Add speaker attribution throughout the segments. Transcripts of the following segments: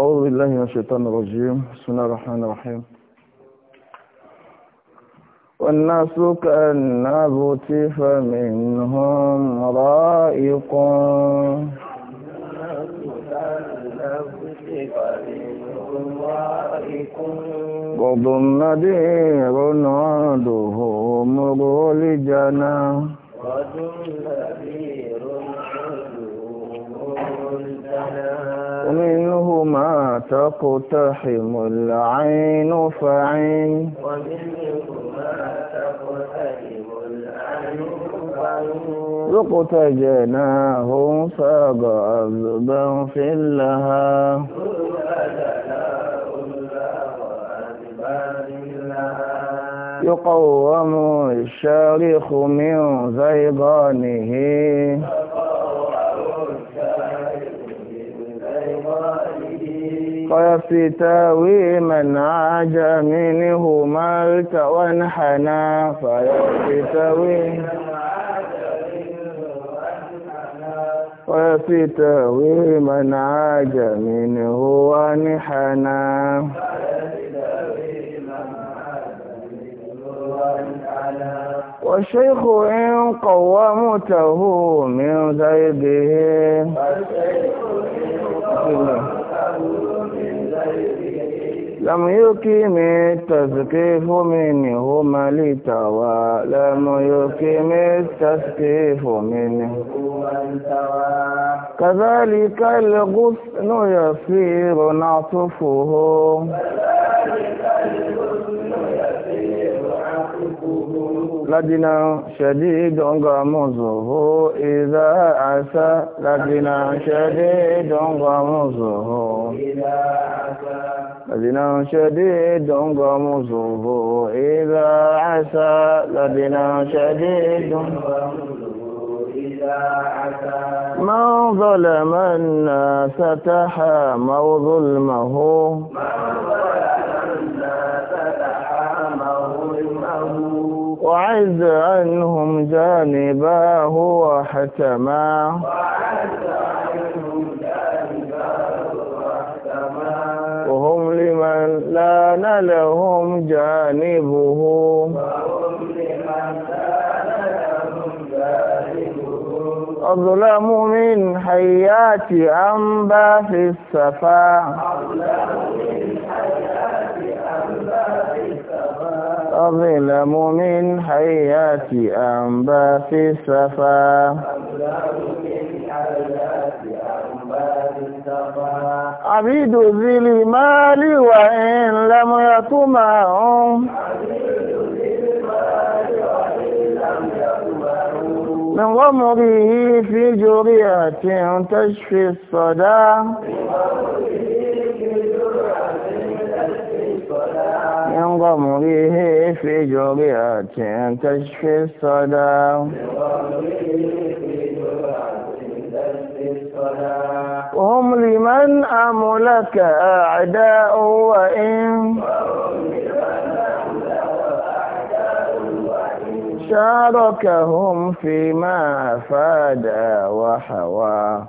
Speaker 1: أعوذ بالله من الشيطان الرجيم بسم الله الرحمن الرحيم والناس كأن كالنابوت منهم رائق قضم نذير عده مر لجنا
Speaker 2: قضم
Speaker 1: ومنهما تقتحم العين فعين جناه فاق أذبا في لها يقوم الشارخ من زيغانه فيفتوي من عاج منه مالك وانحنى فيفتوي ويفتوي من عاج منه وانحنى والشيخ إن قومته من زيده لم يقيم التزكيف منهما لتوى لم يقيم التزكيف منه كذلك الغصن يصير نعطفه
Speaker 2: كذلك الغصن
Speaker 1: لدينا شديد غمزه إذا عسى لدينا شديد غمزه لدينا شديد غمزه إذا عسى لدينا شديد من ظلم الناس تحاموا ظلمه من ظلم الناس تحاموا وعز عنهم جانباه وحتما وهم لمن لان لهم جانبه أظلم من حيات أنبا في السفاح أظلم من حياة أنبا في السفا عبيد ذي المال وإن لم يطمعهم من غمره في جرية تشفي الصدى ينضم به في جرعة تشفي الصدى هم لمن أملك أعداء وإن شاركهم فيما أفاد وحوى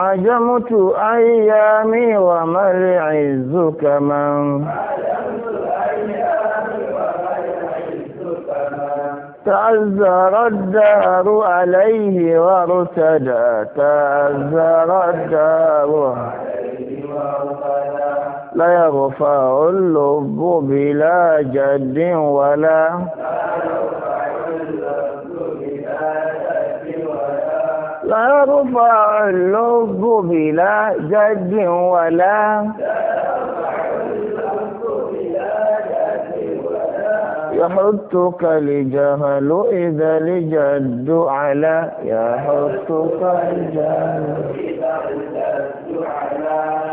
Speaker 1: عجمت أيامي وما العز كمن تعذر الدار عليه وارتدى تعذر الدار لا يرفع اللب بلا جد ولا لا يرفع اللب
Speaker 2: بلا جد
Speaker 1: يرفع اللب بلا جد ولا يحطك لجهل إذا لجد على يحطك لجهل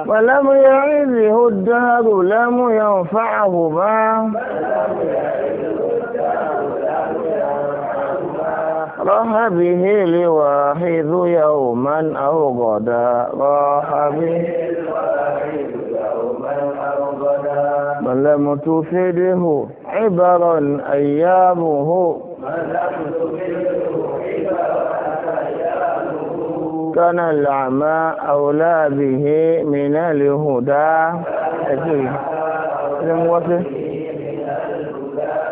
Speaker 1: ولم يعزه الدهر لم ينفعه ما راح به لواحد يوما أو غدا راح به من لم تفده عبر أيامه كان العمى أولى به من الهدى.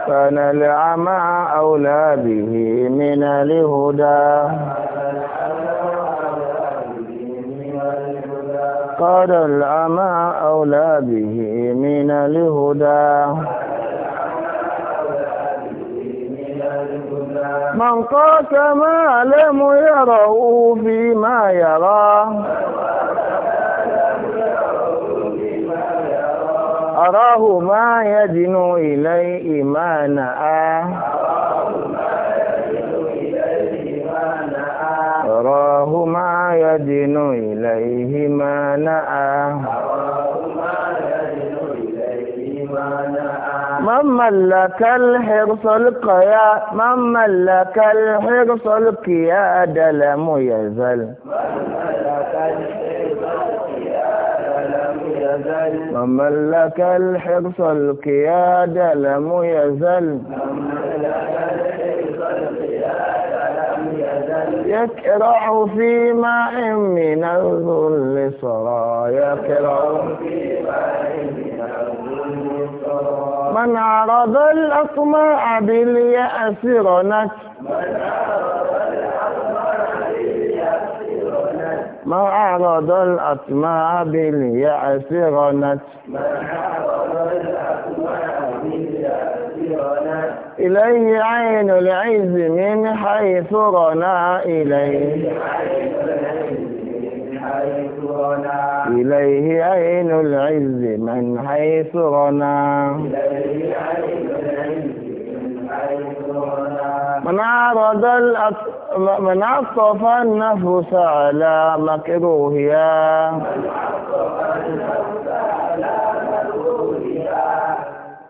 Speaker 1: كان العمى أولى به من الهدى قال العمى أولى به من الهدى من قاس ما لم يره فيما يرى أراه ما يدنو إلي إيمانا أراه ما يدنو إليه ما نأى من ملك الحرص القيا من ملك الحرص القياد لم يزل من
Speaker 2: ملك يزل
Speaker 1: ومن لك الحرص القيادة لم يزل يكرع في ماء من الظل صرا يكرع
Speaker 2: في ماء من من
Speaker 1: عرض الأطماع باليأس رنت من عرض
Speaker 2: الأطماع
Speaker 1: ما أعرض الأطماع باليأس غنت إليه عين العز من حيث رنا إليه إليه عين العز من حيث رنا
Speaker 2: إليه عين العز
Speaker 1: من عرض الأط... من عطف النفس على مكروهيا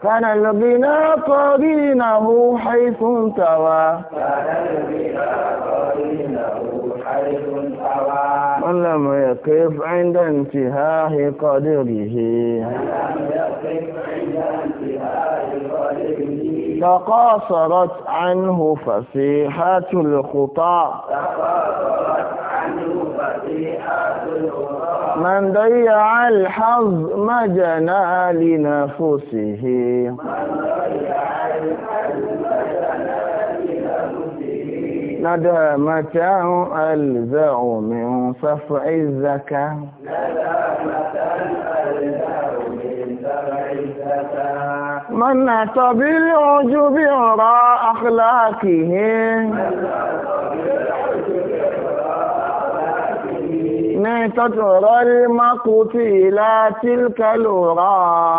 Speaker 1: كان الذين قرينه حيث انتوى لم يقف عند انتهاء قدره تقاصرت عنه فسيحة الخطى من ضيع الحظ ما جنى لنفسه ندمته ألزع من صفع الزكاة من أتى بالعجب وراء أخلاقه أني تترى المقت إلى تلك الورى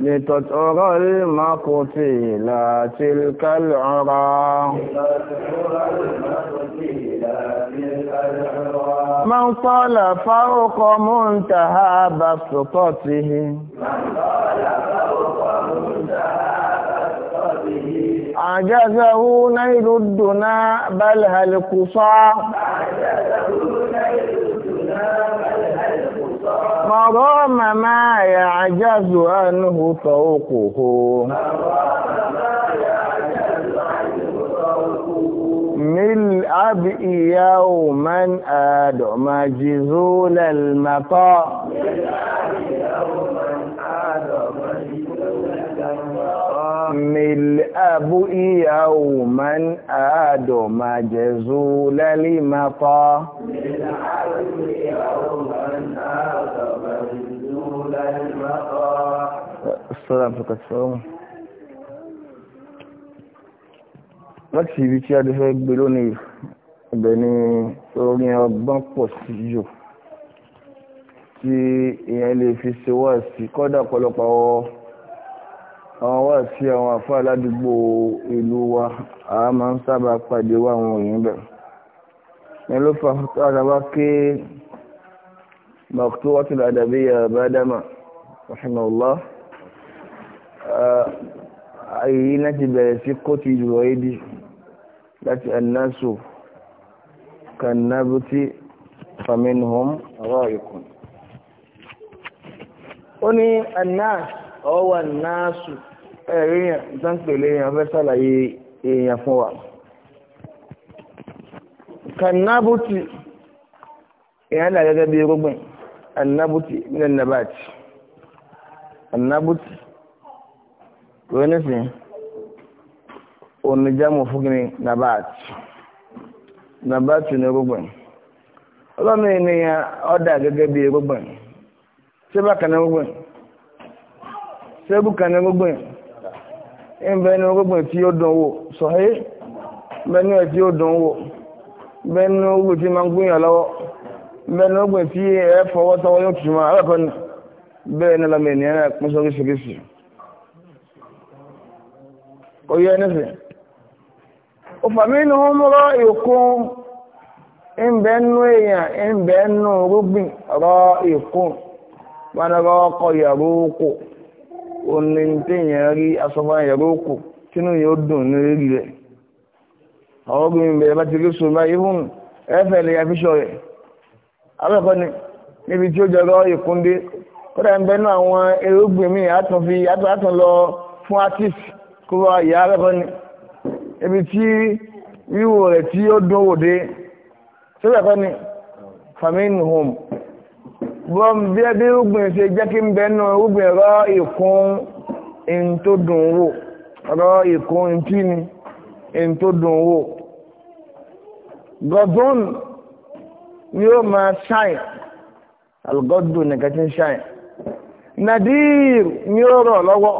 Speaker 1: لتترى المقت إلى تلك العرى من طال فوق منتهى بسطته من طال فوق
Speaker 2: منتهى
Speaker 1: عجزه نيل الدنا بل هل قصا مرام ما يعجز عنه فوقه من أب يوما ادم جزول المطاء
Speaker 2: يوما
Speaker 1: يحمل أبوي يوما آدم جزول لمطى السلام عليكم láti ibi tí a ti fẹ́ gbé lónìí ibẹ̀ ni orin ọgbọ́n pọ̀ sí jù tí èèyàn lè fi ṣe wá sí kọ́dà pọ̀lọpọ̀ ọ̀rọ̀ àwọn wá sí àwọn àfá aládùúgbò ìlú wa a máa ń sábà pàdé wá àwọn òyìn bẹ̀. ní ló fà tó àdáwá ké Maktubatul Adabiyya Badama rahimahullah èyí láti bẹ̀rẹ̀ sí kóòtù ìjùlọ èdè láti annasu kannabuti faminhum ra'ikun ó ní annas ọwọ́ annasu èèyàn ìtànpèlè èèyàn fẹ́ sàlàyé èèyàn fún wa kànábùtì èèyàn dà gẹ́gẹ́ bí irúgbìn annábùtì nílẹ̀ nàbàtì annábùtì kò ní sìn oníjàmù fúnkìní nàbàtì nàbàtì ní irúgbìn ọlọ́mọ ènìyàn ọ̀dà gẹ́gẹ́ bí irúgbìn ṣé bákan ní irúgbìn ẹnbẹ́ni gbogbo tí ó dùn wò sọ̀hí bẹ́ni ẹ̀ tí ó dùn wò bẹ́ni gbogbo tí máa ń gbìyàn lọ́wọ́ bẹ́ni gbogbo tí ẹ fọwọ́ sọ́wọ́ yóò tún máa alákọ̀ọ́ ni bẹ́ẹ̀ ni lọ́mọ ènìyàn náà pín sọ oríṣiríṣi kò yẹ nífẹ̀ẹ́ òfàmínú mọ́rọ́ ìkún ẹnbẹ́nu èèyàn ẹnbẹ́nu rúgbìn rọ ìkún wọn rọ ọkọ̀ yàrá oko. òní téèyàn rí asọ́fà ẹ̀rọ òkú tínú yóò dùn ní rírí rẹ̀ àwọn obìnrin bẹ̀rẹ̀ bá ti rí sùn báyìí hùn ẹ̀fẹ̀ lè yàfíṣọ rẹ̀ abẹ́kọ́ ni níbi tí ó jọrọ ìkúndé kódà ń bẹnu àwọn erúgbìn míì àtún fi àtún lọ fún artist kó ya ìyá abẹ́kọ́ ni ibi tí wíwò rẹ̀ tí ó dún wòde síbẹ̀ kọ́ ni famine home bọ́n bí ẹbí rúgbìn ṣe jẹ́ kí ń bẹ́nu rúgbìn rọ́ ìkún in tó dùn wò rọ́ ìkún in tí ni in tó dùn wò gọ́dún ni ó máa ṣáìn algọ́dún nìkan tí ń ṣáìn nadir ni ó rọ̀ lọ́wọ́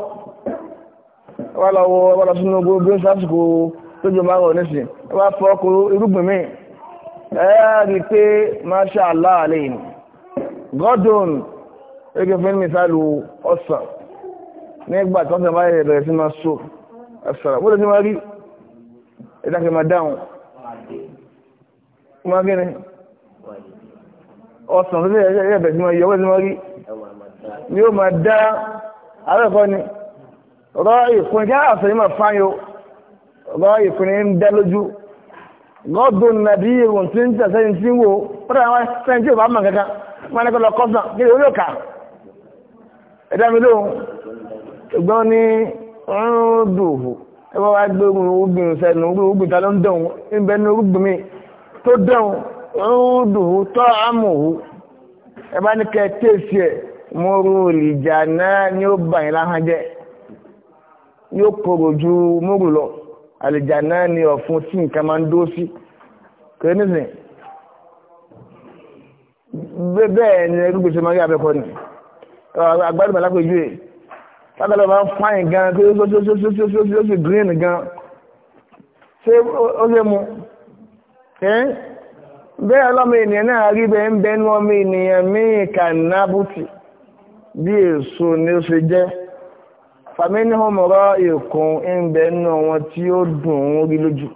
Speaker 1: wà lọ́wọ́ wà lọ sínú gbogbo sásìkò tó jọ máa rọ̀ nísìn wà fọ́ ọkọ̀ irúgbìn mi ẹ̀ẹ́ rí pé masha Allah alayhi gọ́dùn ẹgbẹ́ fún mísàlù ọ̀sán nígbà tí wọ́n sọ báyìí bẹ̀rẹ̀ sí máa so ọ̀sán wọ́n lè ti máa rí ìdákẹ́ máa dáhùn máa gẹ́ni ọ̀sán tó lè bẹ̀rẹ̀ sí máa yọ wọ́n lè ti máa rí ni ó máa dá àárẹ̀kọ́ ni rọ ìkùn kí àṣẹ yìí máa fáyọ rọ ìkùn ní ń dá lójú gọ́dùn nàbí ìrùn tí ń tẹ̀sẹ̀ ń tí ń wò ó pẹ́rẹ́ àwọn ẹ̀sẹ̀ tí ò bá mọ̀ kankan wọn ní kó lọ kọ́sán kí ni olóòkà ẹ̀dá mi lóhùn ṣùgbọ́n ní ọ̀rùn dòwò ẹ bá wá gbé ogun ogun sẹ́nu ogun ta ló ń ní ogun mi tó dẹ̀hùn ọ̀rùn tọ́ àmùhù ẹ ní kẹ́ tẹ̀sí ẹ̀ mọ́rú olìjà náà ni ó bàyìn láhán jẹ́ yóò kòrò ju mọ́rù lọ àlìjà náà ni ọ̀fun sí nǹkan máa ń dó sí kò ní bẹ́ẹ̀ ni ẹgbẹ́ gbèsè máa rí abẹ́kọ ni agbádùn alápèjú ẹ̀ lágbàdo máa ń fáyìn gan pé ó sì green gan ṣé ó lè mu bẹ́ẹ̀ ọlọ́mọ ènìyàn náà rí bẹ́ẹ̀ ń bẹ́ẹ̀ ní ọmọ ènìyàn míì kànábùtì bí èso ni ó ṣe jẹ́ fàmí ní ọmọ ọ̀rọ̀ èkún ń bẹ́ẹ̀ ní wọn tí ó dùn ún rí lójú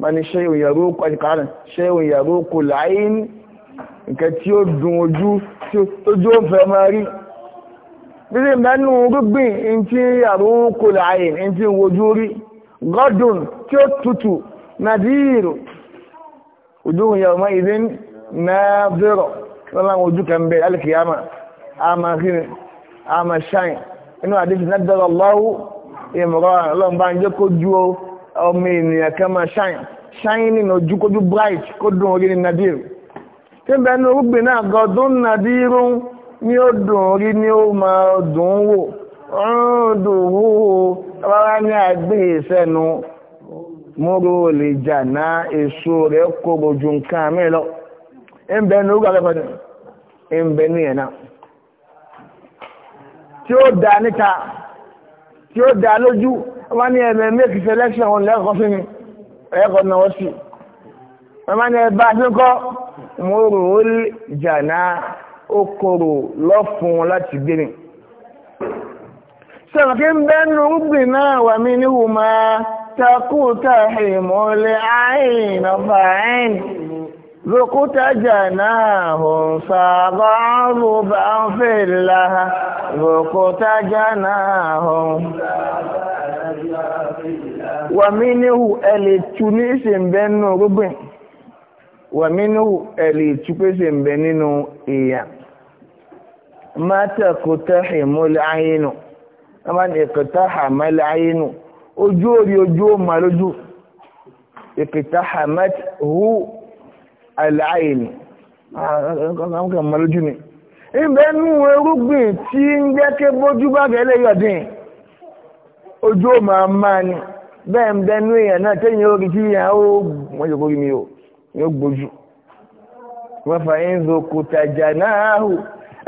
Speaker 1: wọn ni ṣé òyàrá ó kọ láyé ní nǹkan tí ó dùn ojú tójú ó fẹ́ máa rí bíbí mẹ́nu gbígbìn ní ti àrùkò láàyè ní ti wojú rí gọ́dùn tí ó tutù nàdírò ojú ìyàwó ìdí náà bẹ̀rọ̀ lọ́la ojú kan bẹ̀ alìkìyàmà àmà hìrì àmà ṣáìn inú àdífi nádọ́rọ̀ lọ́wọ́ ìmọ̀rọ̀ ọlọ́mbà ń jẹ́ kó ju ọmọ ènìyàn kan máa ṣáìn ṣáìn nínú ojú kójú bright kó dùn orí ní nàdírò síbẹ̀ ní orúgbìn náà gọdún nàdírú ní ó dùn orí ní ó máa dùn wò ọ̀rùndùn wúwo rárá ní àgbìn ìsẹ́nu múrò lè jà náà èso rẹ̀ kóró ju nǹkan mi lọ ńbẹ ní orúkọ akẹ́kọ̀ọ́ ni ńbẹ ní yẹn tí ó da níta tí ó dá lójú wọ́n ní ẹ̀mẹ̀ make selection lẹ́kọ̀ọ́ sí ni ẹ̀kọ́ náà wọ́n sì wọ́n ní ẹ̀bá tí ń kọ́ múrò ó jàná ó korò lọ́fun láti gbé mi sọ̀rọ̀kí ń bẹ́nu rúgbìn náà wà mí níhù máa takúta ìmọ̀lẹ̀ àìn ọba àìn lókúta jàná hùn sábà rú bá ní ìsìn bẹ́nu rúgbìn wàmínú ẹ̀lì ìtúpèsè ń bẹ nínú èèyàn mátàkùtà ìmúlẹ̀ ayénu wọ́n ìkìtà àmàlẹ̀ ayénu ojú orí ojú ó ma lójú ìkìtà àmàt hù àlàáyénu ọkọ̀ ma lójú ni ìbẹ́nu erúgbìn tí ń jẹ́kẹ́ bójú bá gẹ́lẹ́ yọ̀dín ojú ó ma máa ni bẹ́ẹ̀ ń bẹ́nu èèyàn náà tẹ́yìn orí tí ìyàn ó wọ́n yóò yóò gbójú wọ́n fà ń zo kòtà jànáàhù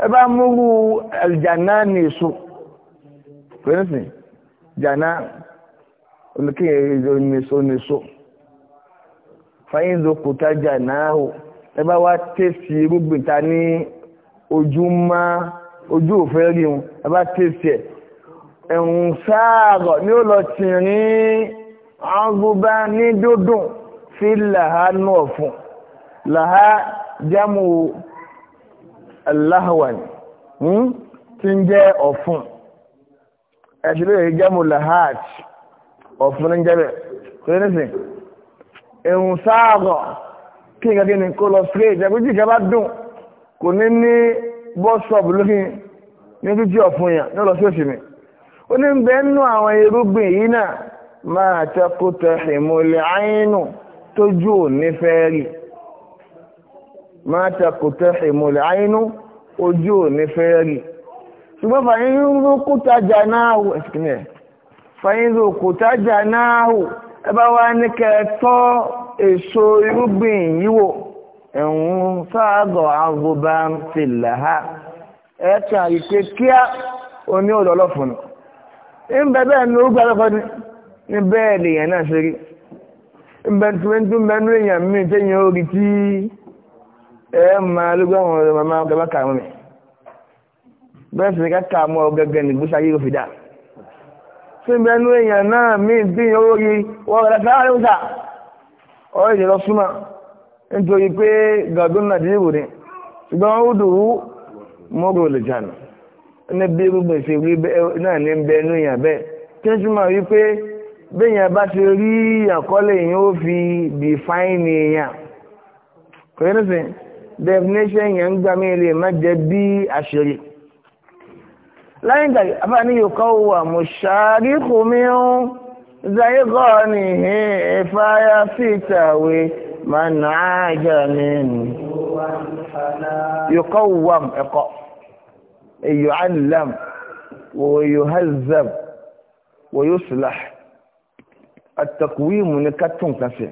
Speaker 1: ẹ bá múrú àjàná ní èso pẹ̀lúsì jàná olùkíyè èso nìso nìso fà ń zo kòtà jànáàhù ẹ bá wá tẹ̀sí irúgbìn ta ní ojú má ojú òfẹ́ rí wọn ẹ bá ẹ̀ ẹ̀hùn sáàrọ̀ ni ó lọ tìrín ọgbọ́n ní dúdùn fi làhá náà fún làhá jámù aláhàwàn hmm, tí ń jẹ́ ọ̀fun ẹ̀sìn lóye jámù làhát ọ̀fun ní jẹ́bẹ̀ kò ní sìn ẹ̀hùn sáàgọ̀ kí n kàkí ni kó lọ straight ẹ̀kújì kẹfà dùn kò ní ní bọ́sọ̀bù lókìn ní títí ọ̀fun yẹn ní lọ òsì mi ó ní bẹ́ẹ̀ nú àwọn irúgbìn yìí náà máa tẹ́kùtẹ̀ ìmọ̀lẹ̀ àyínú tójú ò ní fẹ́ rí máa takòtẹ́ ìmọ̀lẹ̀ àínú ojú ò ní fẹ́ rí ṣùgbọ́n fàyín ló kúta jà náà hù ẹ̀sìnkìní ẹ̀ fàyín ló kúta jà náà hù ẹ bá wá ní kẹtọ́ èso irúgbìn yìí ẹ̀hún sáàgọ̀ àgùbá ń tilẹ̀ ha ẹ̀ tún kíá oní òlọ́lọ́fọ̀nù ń bẹ́ẹ̀ ni ó gbàgbọ́ ni bẹ́ẹ̀ lèèyàn náà ṣe rí mbẹ̀ntúmẹ́ntú mbẹ̀nú èèyàn mi tẹ́yìn orí tí ẹ máa lógún àwọn ọ̀rọ̀ màmá ọ̀gá kà mọ́ mi bẹ́ẹ̀ sì ni ká kà mọ́ ọ̀gẹ́gẹ́ nìgbésí ayé òfin dà sí mbẹ̀nú èèyàn náà mi tẹ́yìn orí wọ́n rẹ̀ sáà ló sà ọ̀rọ̀ ìṣẹ̀lọ súnmọ́ nítorí pé gàdún náà dìbò ni ṣùgbọ́n ó dùn ú mọ́rò lè jànà ní bí irúgbìn ṣe rí náà ní bẹ́yàn bá ti rí àkọlé yìí ó fi define èèyàn kò yẹn nísìn definition yẹn ń gbà mí lè má jẹ bí àṣírí láyé ìgbà àbá ní yòókọ́ wà mo ṣàríkù mi ń zayíkọ́ ni ìfáyà fìtàwé máa nà á jà mí nù yòókọ́ wà ẹ̀kọ́ èyí àlàm wòyò hazab wòyò sùláhì àtàkùwíìmù ní kátùn kàṣẹ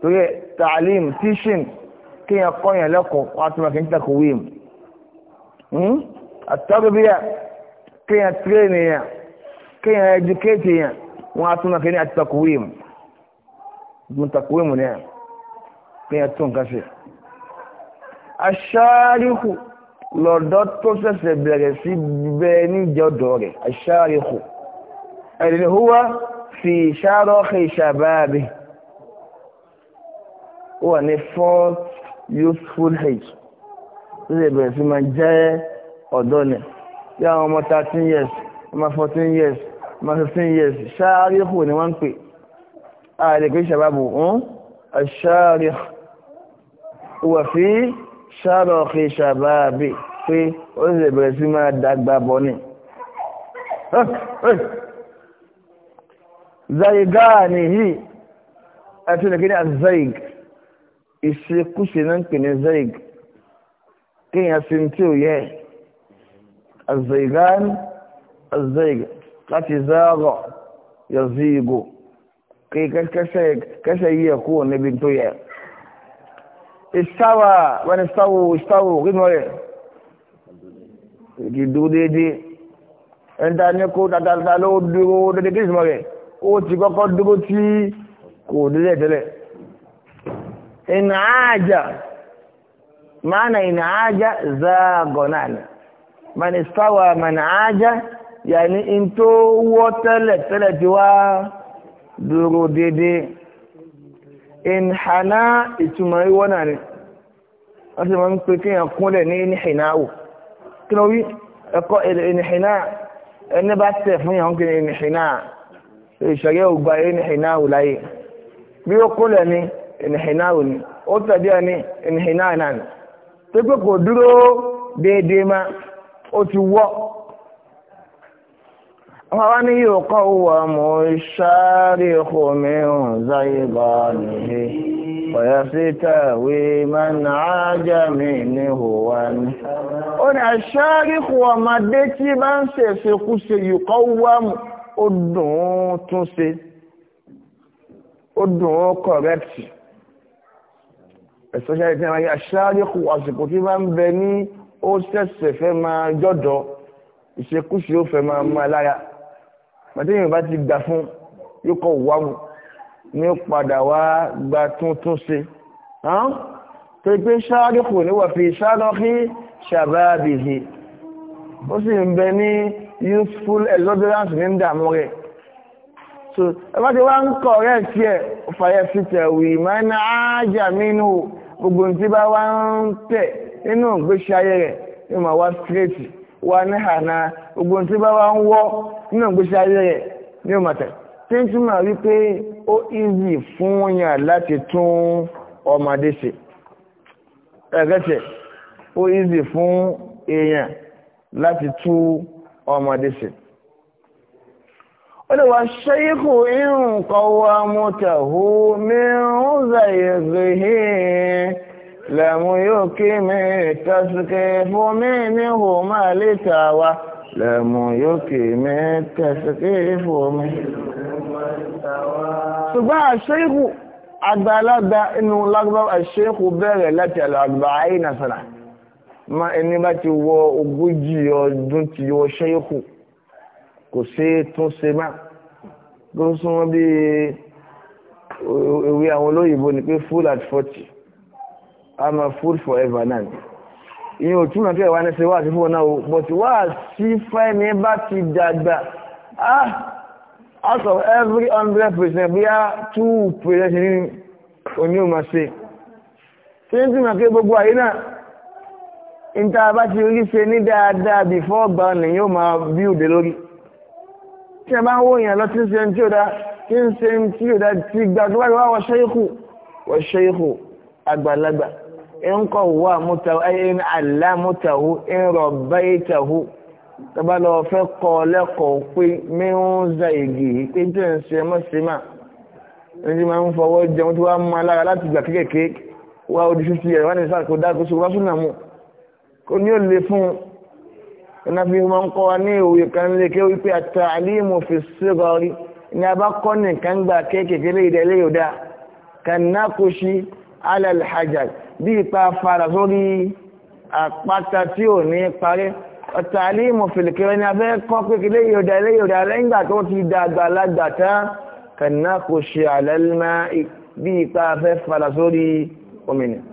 Speaker 1: torí ẹ tààlìm tíṣìn kéèyàn kọyàn lẹ́kọ̀ọ́ wọn àti màkì ń tàkùwíìmù àtàkùbíyà kéèyàn tírèèni yàn kéèyàn ẹdùkéètì yàn wọn àti màkì ní àtàkùwíìmù mo tàkùwíìmù ní yàn kéèyàn tún kàṣẹ. aṣááríhù lọ́dọ́ tó ṣẹ̀ṣẹ̀ bẹ̀rẹ̀ sí bẹ́ẹ̀ níjọ́dọ̀ rẹ̀ aṣááríhù ẹ̀rìn fi ṣárọ́kì ṣàbáàbí ó wà ní fourth youthful age tó lè bẹ̀rẹ̀ sí máa jẹ́ ọ̀dọ́ ni bí àwọn ọmọ thirteen years ọmọ fourteen years ọmọ fifteen years ṣáríkù ni wọ́n ń pè ààrẹ pé ṣàbábù ń ṣáríkù wà fi ṣárọ́kì ṣàbáàbí pé ó lè bẹ̀rẹ̀ sí máa dàgbà bọ̀ ni zaigani a tuna gini a zaig isi kushe nan kini zaig kin ya sin tiyo ye a zaigan a zaig kati zaga ya zigo kai kashe yi ya kowane binto ye istawa wani stawo istawo gino ye gidu daidai ɗan ta ne ko ta lo duro da da ó ti kọ́kọ́ dúró tí kò délẹ̀ tẹ́lẹ̀ ìnà ájà mana ìnà ájà záàgọ̀nà ni man istawa man ájà yàní in tó wọ́ tẹ́lẹ̀ tẹ́lẹ̀ ti wá dúró dédé ìnhànà ìtumọ̀ ìwọ́ náà ni wọ́n sì máa ń pè kéèyàn kúnlẹ̀ ní ìnìhìnáwò kí ló wí ẹ̀kọ́ ìnìhìná ẹni bá tẹ̀ fún yàn kí ni ìnìhìnáà ìṣẹ̀rẹ́ ògbà ẹnìhìnáwò láyé bí ó kúnlẹ̀ ní ẹnìhìnáwò ni ó tẹ̀dí ẹ ní ẹnìhìnáwò náà ni tó pé kò dúró déédéé má ó ti wọ́ wọ́n wá ní yóò kọ́ wà mú sáré omi ọ̀záyé bá nìyí ọ̀yà sí tàwé máa ń ájá mi ní ìhòwà ní. ó ní àṣárí kò ọmọdé tí bá ń ṣèṣekúṣe yìí kọ́ wà mú ó dùn ún tún ṣe ó dùn ún kọ̀rẹ́tì especially tí a máa yẹ aṣáájú kù àsìkò tí máa ń bẹ ní ó ṣẹ̀ṣẹ̀ fẹ́ máa jọ́dọ̀ ìṣekúṣe ó fẹ́ máa máa lára pàtó yorùbá ti gbà fún yóò kọ wá mu ní ó padà wá gba tuntun ṣe torí pé ṣáájú kù níwà fi ṣáájú kí ṣàbábìhì ó sì ń bẹ ní useful exuberance ndị ń so ẹ̀fà tí wọ́n ń kọ̀ rẹ̀ sí ẹ̀ fàyẹ̀ na wì mọ́nà ájà mínú gbogbo tí bá wá ń tẹ̀ nínú ìgbésí ma wá straight wa ní ha na tí bá wá ń wọ́ nínú ìgbésí ayé ma tẹ̀ tí ń túmọ̀ wípé ó easy fún yàn easy ọmọdé sí ó lè wà ṣẹ́yíkù irun kọwa mọ́tàhù mìíràn zàyẹ̀zẹ̀hì lẹ́mú yóò kí mi tàṣíkẹ́ fún mi ní hùmá lítà wa lẹ́mú yóò kí mi tàṣíkẹ́ fún mi ṣùgbọ́n àṣẹ́yíkù àgbàlagbà inú lágbàá àṣẹ́yíkù bẹ̀rẹ̀ láti àlàgbà àìnàṣàlá ma ẹni bá ti wọ ogójì ọdún ti wọ ṣẹ́yìkù kò ṣe é tún ṣe má tó ń súnmọ́ bí ewé àwọn olóyìnbó ni pé full at forty i'm a full forever náà ìyẹn ò túnmọ̀ pé ẹ̀wà ní ṣe wá àti fún náà o but wá sí fẹ́ni bá ti dàgbà ah out of every hundred percent bí a two percent ní oní ò máa ṣe tí ń túnmọ̀ pé gbogbo àyè náà níta bá ti rí ṣe ní dáadáa before ọgbà nìyẹn ó máa bí òde lórí tí a bá ń wó èèyàn lọ tí ń ṣe tí ó dá tí ń ṣe tí ó dá ti gbàgbọ́ wá wọ ṣẹ́yìkù wọ ṣẹ́yìkù àgbàlagbà ń kọ̀ wá mútàwó ayé ń àlámútàwó ń rọ̀ báyé tàwó tọ́ba lọ fẹ́ kọ́ lẹ́kọ̀ọ́ pé mẹ́rún za ègì pé tí ń ṣe mọ́símà ẹni tí máa ń fọwọ́ jẹun tí wàá mú alára láti gbà kékèké wá odi fífi ẹ̀ wá ní sáà kó dá kó so wá súnà mú kò ní ò lè fún un iná fi máa ń kọ́ wa ní òwe kan lè ké wípé àtà àlímù fi sígọ rí ní a bá kọ́ nìkan gbà kéékèèké ìdẹ́lẹ́ yóò dáa kànákòṣí alàlhàjà bí ipa fara sórí àpáta tí ò ní parí ọ̀tà àlímù fìlìkẹ́rẹ́ ní a fẹ́ kọ́ kéékèèké yóò dáa lẹ́yìn lẹ́yìn ìgbà tó ti dàgbà lágbà tán kànákòṣí alàlmá bí ipa fẹ́ fara sórí òmìnira.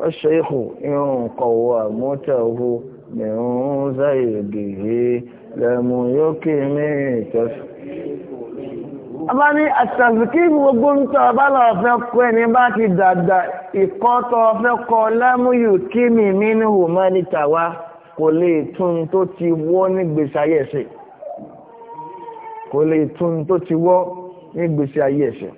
Speaker 1: والشيخ إن قومته من زيده لم يكن تفكير Abá ní àtàzìkí gbogbo ń tọ́ bá lọ fẹ́ kọ́ ẹni bá ti dàgbà ìkọ́ tọ́ fẹ́ kọ́ lámúyù kí mi mínú humanita wa kò lè tún tó ti wọ́ ní gbèsè Kò lè tún tó ti wọ́ ní gbèsè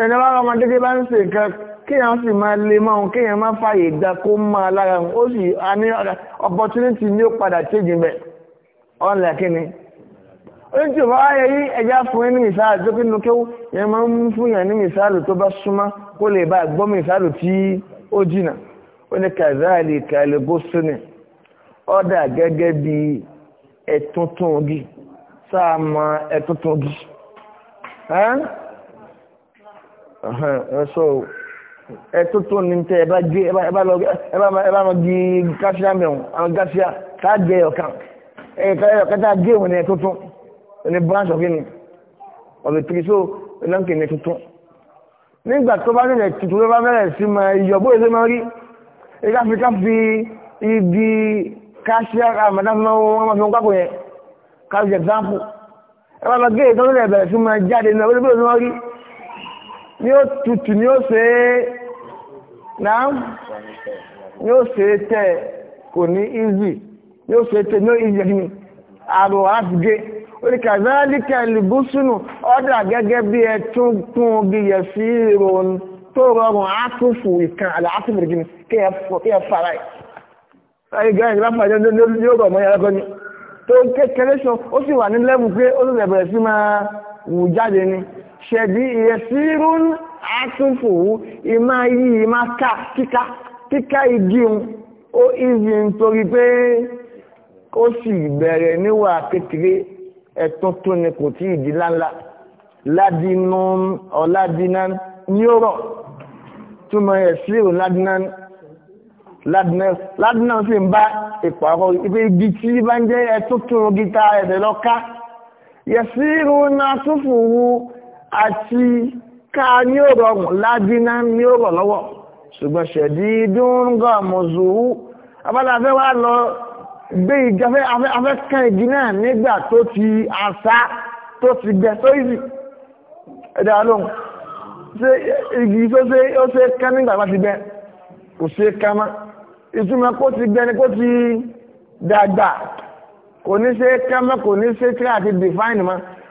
Speaker 1: ẹni bá ọmọdé bá ń ṣe nǹkan kéèyàn sì máa lè mọ́ ohun kéèyàn máa fàyè gba kó máa lára ohun ó sì a ní opportunity ní ó padà change mẹ́ ọ̀nlẹ̀ kíni oní tí òbá ayẹ yí ẹja fún yín ní mìsáàlù tó kínú kéwú yẹn máa ń fún yàn ní mìsáàlù tó bá súnmọ́ kó lè bá gbọ́ mìsáàlù tí ó jìnà ó ní kàzáàlì kàlẹ́gọ́sọ́nì ọ̀dà gẹ́gẹ́ bí ẹ̀túntún ogi sáà mọ ẹ̀túntún ogi ẹ̀ṣọ́ ẹ tó tó ní tẹ́ ẹbá gé ẹbá mọ́ gí káṣíá mẹ́wọ̀n àwọn gáṣíá káàgé ọ̀kan ẹ̀kẹta gé wọn ni ẹ tó tó ní branch of guinea ọ̀lẹ̀ tìrì so lọ́nkì ní tó tó nígbà tó bá nílẹ̀ tuntun ló bá bẹ̀rẹ̀ sí mọ iyọ̀ bóyá sí mọ rí ẹ̀ka fi ká fi ibi káṣíá àmàdáfínà wọn máa fi wọn kákò yẹn káṣíá example ẹ̀ka lọ gé ìtọ́jú rẹ̀ bẹ̀rẹ̀ sí mọ jáde náà ó ni ó tutù ni ó se é náà ni ó se é tẹ kò ní easy ni ó ṣe é tẹ ní ó easy ni àrò àfìgé oríkàzálíkà ìlúbúsùnù ọ̀dà gẹ́gẹ́ bí ẹ tún kún bí yẹ sí ìròyìn tó rọrùn átúfù ìkan àlà átúfù ìgbìn kí ẹ fara ẹ̀ láyé gẹ́gẹ́ ìgbà pàdé ní ó rọ̀ mọ́ yàrá ni tó kékeré sọ ó sì wà ní lẹ́bù pé ó sì bẹ̀rẹ̀ sí máa wù jáde ni ṣẹ̀dí ìyẹ̀sírún àtúnfò ìmá yí ìmá ká kíká kíká igi ó ìzì nítorí pé ó sì bẹ̀rẹ̀ níwà kékeré ẹ̀tún tó ni kò tí ìdí láńlá ládínú ọ̀ládínà ní ọ̀rọ̀ túmọ̀ ẹ̀sírò ládínà sí ń bá ìpàrọ̀ ibi tí bá ń jẹ́ ẹ̀tún tó gita ẹ̀dẹ̀ lọ ká yẹ̀sírò náà túnfò àti ká ní ó rọrùn ládínà ní ó rọ̀ lọ́wọ́ ṣùgbọ́n ṣẹ̀dí dúngọ̀ mọ̀zùú abala afẹ́ wá lọ gbé ìjà afẹ́ kan igi náà nígbà tó ti àṣà tó ti gbẹ sóyìí ẹ̀dá lóhùn ṣe igi tó ṣe ó ṣe ká nígbà bá ti gbẹ kò ṣe ká define mọ́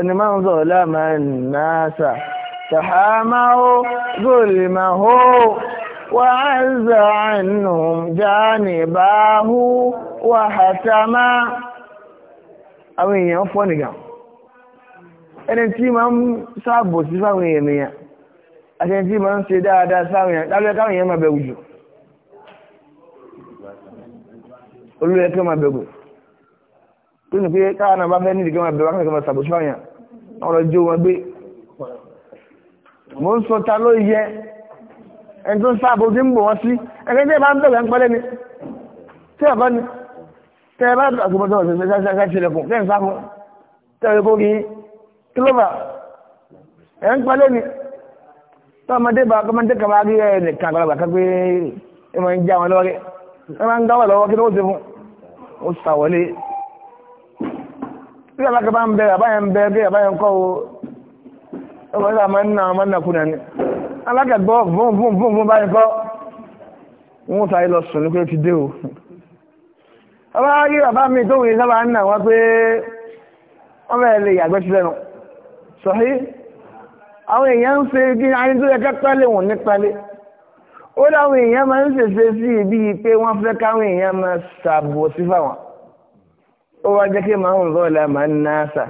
Speaker 1: ni máa ń zọ̀ láàmà náàsà tàhámáhó gòlìmáhó wà ń zà ànù jánìbáhú wà hàtàmá àwọn èèyàn fọ́ nìkan ẹni tí máa ń sáàbò sí fáwọn èèyàn àti ẹni tí máa ń ṣe dáadáa sáwọn èèyàn lábẹ́ káwọn èèyàn máa bẹ̀wù jù olú ẹ̀kẹ́ máa tó ní pé káwọn náà bá fẹ́ ní ìdíkẹ́ wọn bẹ̀rẹ̀ wọn kẹ́kẹ́ sàbòsí fáyà wọn lọ jó wọn gbé mo ń sọ ta ló yẹ ẹni tó ń sáàbò tí ń bò wọn sí ẹgbẹ́ tí ẹ bá ń bẹ̀rẹ̀ ń pẹ́lẹ́ ni tí ẹ bá ní tẹ ẹ bá àgbọ̀mọ̀tọ̀ ṣẹlẹ̀kùn tẹ́ ń sá fún tẹ́ ẹ kó kí kílófà ẹ ń pẹ́lẹ́ ni tọ́mọdé bá kọ́mọdé kaba rí ẹ nìkan àgbàlagbà kan pé ẹ máa ń já wọn lọ́wọ́ rẹ ẹ máa ń gáwọ́ lọ́wọ́ kí ló ń ṣe fún ó sàwọlé bí àbáka bá ń bẹ àbáyẹ ń bẹ bí àbáyẹ ń kọ́ o ọmọ ìlà máa ń nà máa ń nà kúnà ni alákàgbọ́ vùn vùn vùn vùn báyìí kọ́ wọ́n sáré lọ sùn ní pé ti dé o ọba yí bàbá mi tó wùyí sábà ń nà wọ́n pé wọ́n bẹ̀rẹ̀ lè yàgbẹ́ ti lẹ́nu sọ̀hí àwọn èèyàn ń ṣe kí ayé tó yẹ ká pálẹ̀ wọ̀n ní pálẹ̀ ó dáwọn èèyàn máa ń ṣèṣe sí ibi pé wọ́n fẹ́ káwọn èèyàn máa ṣàbùwọ̀ sí fáwọn ó wá jẹ́ kí máa ń zọ́ọ̀lá máa ń náàsà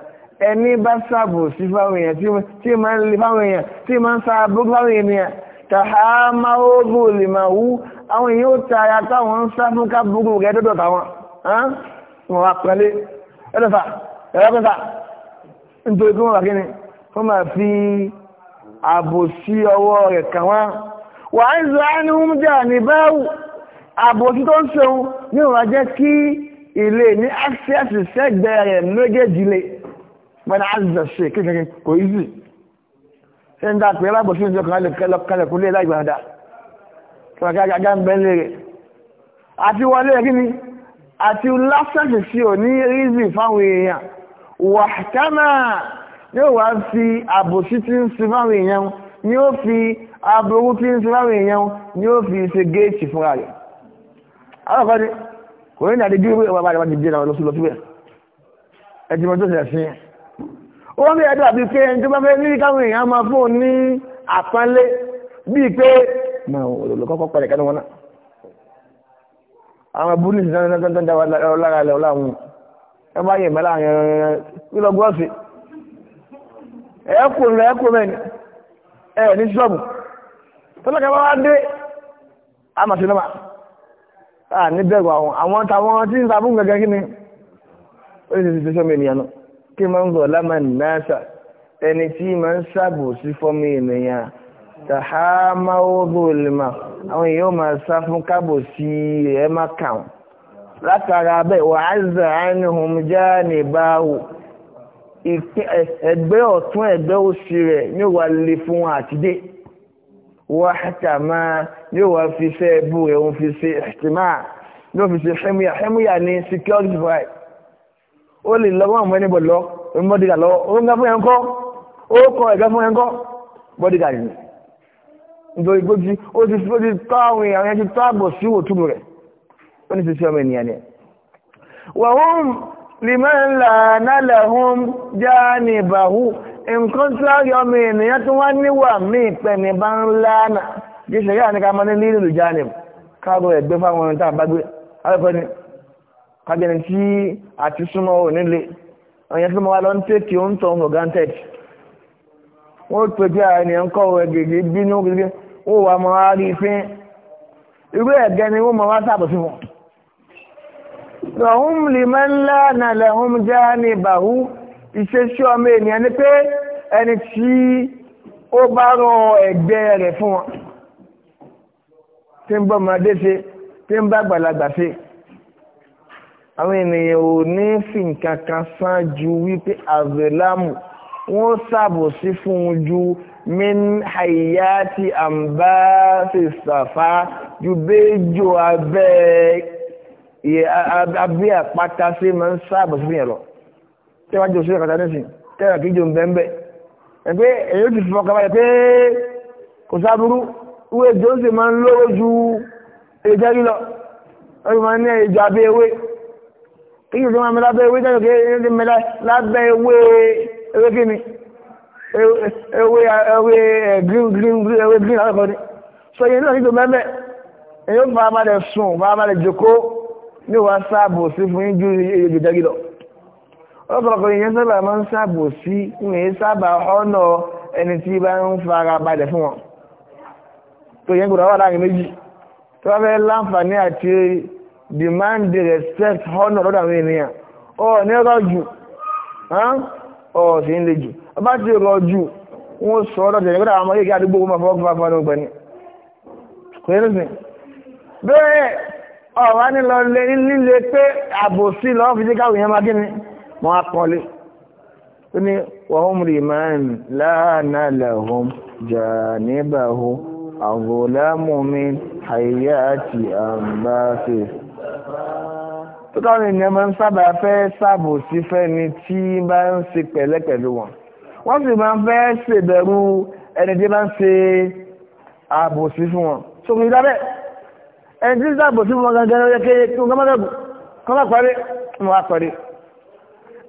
Speaker 1: ẹni bá sàbò sí fáwọn èèyàn tí máa ń lè fáwọn èèyàn tí máa ń sàbò fáwọn èèyàn tàhá máa ó bò lè máa wú àwọn èèyàn ó ta ara táwọn ń sá fún kábùkù rẹ̀ dọ́dọ̀ táwọn wọn wá pẹ́lẹ́ ẹlẹ́fà ẹ̀rọ ni wọ́n ń zọ ánìhùn jà ní báwù àbò tó ń ṣeun ní ìwà jẹ́ kí ilé ní access sẹ́gbẹ̀ẹ́ rẹ̀ méjèèjì lé pẹ̀lú access ṣe kékeré kò easy ṣe ń dá pé alábòsí ìjọ kan lọ kalẹ̀ kó lé láìgbàdà tó wà káàkiri ń bẹ́ lére àti wọlé kí ni àti lásán sí ò ní easy fáwọn èèyàn wàhálà yóò wá fi àbòsí tí ń sin fáwọn èèyàn ni ó fi aburú tí ń sin fáwọn èèyàn ni ó fi ṣe géètì fúnra rẹ̀ kò ní ìdàdé gírí wíwá bàbá ti dìde lọ sílọ síbẹ̀ ẹtì mọ́ tó ṣẹ̀ sí ó wọ́n bí ẹ̀dọ́ àbí pé ẹni tó bá fẹ́ rí káwọn èèyàn máa fóun ní àpánlé bíi pé olùkọ́kọ́ pẹ̀lẹ̀ kẹ́nu wọn náà àwọn ẹbú ní ìsinmi táà níbẹ̀rù àwọn àwọn tàwọn tí ń sabún gẹ́gẹ́ kí ni ó sì ti sọ́mọ ènìyàn náà kí máa ń bọ̀ lámà náṣà ẹni tí máa ń ṣàbò sí fọ́mọ ènìyàn tàhámáwó lèmà àwọn èèyàn máa sá fún kábò sí ẹ̀ má kàwọn látara bẹ́ẹ̀ wà á zà ánìhùn já ní báwò ẹgbẹ́ ọ̀tún ẹgbẹ́ òsì rẹ̀ ní wà lè fún àtidé wáhátàmá yóò wá fi fẹ́ bú rẹ̀ òun fi ṣe ẹ̀tìmá yóò fi ṣe hẹ́múyà hẹ́múyà ní security right ó lè lọ́wọ́ àwọn ẹni bọ̀lọ́ mọ́dígà lọ́wọ́ ó ń gá fún ẹ̀ńkọ́ ó kọ ẹ̀gá fún ẹ̀ńkọ́ mọ́dígà yìí nítorí gbójú ó ti fi tọ́ àwọn èèyàn yẹn ti tọ́ àbọ̀ sí òtúmù rẹ̀ ó ní ti ṣe ọmọ ènìyàn ni liman lana lahum janibahu in contrary ọmọ ènìyàn tó wá níwà mí pẹ̀lú bá ń lánà jíṣẹ́ yà ní ká mọ́ ní lílù janib káàrò ẹ̀gbẹ́ fáwọn ohun tàà bágbé alẹ́kọ́ ni kájẹni tí àti súnmọ́ ò nílé ọ̀yẹ́ tó mọ́ wá lọ ń tètè ó ń tọ́ ọ̀gá ń tẹ̀tì wọ́n tó jẹ́ ẹni ń kọ́ ẹ̀ gègé bínú gègé ó wà mọ́ wá rí fín irú ẹ̀gẹ́ ni wọ́n mọ́ wá sábà sí wọn rọ̀hún lèmọ́ ńlá na lẹ́hún já ní ìbàwú ìṣeṣẹ́ ọmọ ènìyàn ni pé ẹni tí ó bá rọ ẹ̀gbẹ́ rẹ̀ fún wọn tí ń bọ́ ọmọdé ṣe tí ń bá àgbàlagbà ṣe àwọn ènìyàn ò ní fi nǹkan kan sán ju wípé àzẹ̀lámù wọ́n ṣàbòsí fún ju min hayati ambasissafa ju bejo abẹ́ iye abẹ́ àpáta sí máa ń sáàbọ̀ sí fìyàn lọ tí wọ́n jẹ́ òṣèré kàtà nísìn tẹ́lá kí jò ń bẹ́ ń bẹ́ ẹgbẹ́ èyí ti fọ́ kaba pé kò sábúrú ìwé èdè ó sì máa ń lówó ju èdè lílọ wọ́n máa ní èdè abẹ́ ewé kí jù tó máa mẹ́lá abẹ́ ewé tẹ́lá kí èyí ti mẹ́lá lábẹ́ ewé ewé kíni ewé ewé green green ewé green alákọ̀ọ́ ni sọ yẹn náà ní jò mẹ́mẹ́ èyí ó fara balẹ̀ sùn fara balẹ̀ jókòó ní wàá sáàbò sí fún yín ju èyí jẹ́gi lọ ọlọ́pọ̀lọpọ̀ ìyẹn sábà máa ń sáàbò sí ìwé sábà ọ̀nà ẹni tí bá ń fara balẹ̀ fún wọn tó yẹn gbọ́dọ̀ wà láàrin méjì tó bá fẹ́ láǹfààní àti demand the respect ọ̀nà lọ́dọ̀ àwọn ènìyàn ọ ní ọ̀rọ̀ jù ọ sì ń le jù ọba ti rọ̀ jù wọ́n sọ ọ́dọ̀ tẹ̀lé gbọ́dọ̀ àwọn ọmọ yìí kí àdúgbò wọn ọ̀wá nílọ lé líle pé àbòsí lọ fi jẹ́ káwò yẹn máa gíní wọ́n á pọ̀lé ó ní wọ́n rí máa ń láàánà lẹ́hùn jà níbàáhù àgòlámùmí àyíyá àti àmbáṣe tó táwọn ènìyàn máa ń sábà fẹ́ ṣàbòsí fẹ́ni tí bá ń ṣe pẹ̀lẹ́ pẹ̀lú wọn wọ́n sì máa ń fẹ́ ṣèbẹ̀rù ẹni tí bá ń ṣe àbòsí fún wọn sókè dábẹ́ ẹni tí sábò sí wọn gangan ló yẹ kí wọn gbọmọdé kọ́ bá parí wọn á parí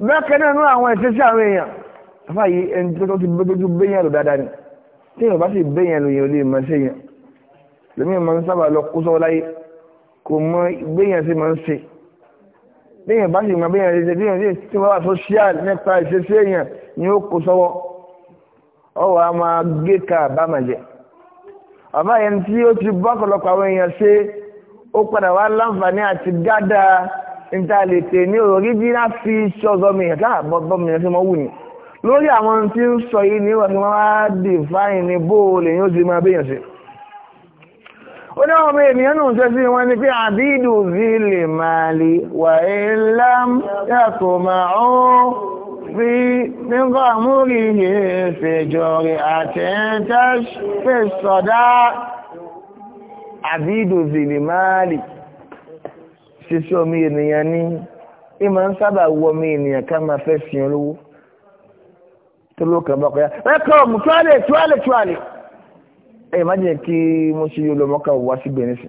Speaker 1: bẹ́ẹ̀ kẹ́ni nínú àwọn ẹ̀sẹ̀ sí àwọn èèyàn àfa yìí ẹni tó ti bójú béèyàn lò dáadáa ni tí èèyàn bá sì béèyàn lò yẹn ò lè mọ sí èèyàn lèmi máa ń sábà lọ kó sọ́wọ́ láyé kò mọ béèyàn sì máa ń ṣe béèyàn bá sì mọ béèyàn lè ṣe béèyàn sì tí wọ́n wà sọ́ṣíàl nípa ìṣesí èèyàn ni ó kó sọ́wọ́ ọwọ́ a máa gé ka àbámàjẹ́ àfa ó padà wá láǹfààní àti dáadáa ìtàlètè ní orí bí náà fi ṣọ́gọ́ mi yàn káà bọ́ mi yàn fi mọ́ wù ní lórí àwọn tí ń sọ yìí ní wọ́n máa wá dìfáìn ní bó o lè yóò ti máa béèyàn sí ó ní àwọn ọmọ ènìyàn nù ṣe sí wọn ni pé àbídù sí lè máa lè wà ilá yàtọ̀ máa ó fi nígbà múrí ìṣèjọ rẹ̀ àtẹ́ńtẹ́ fèsọ̀dá àbídò zèlè máàlì ṣíṣe ọmọ ènìyàn ní ìmọ̀ ń sábà wọ ọmọ ènìyàn ká máa fẹ́ sìn lówó tó ló kàn bá kọ́ ya ẹ̀kọ́ mú tíwálè tíwálè tíwálè ẹ̀ má jẹ́ kí mo ṣe yóò lọ mọ́ká wá sí gbẹ̀rẹ̀ sí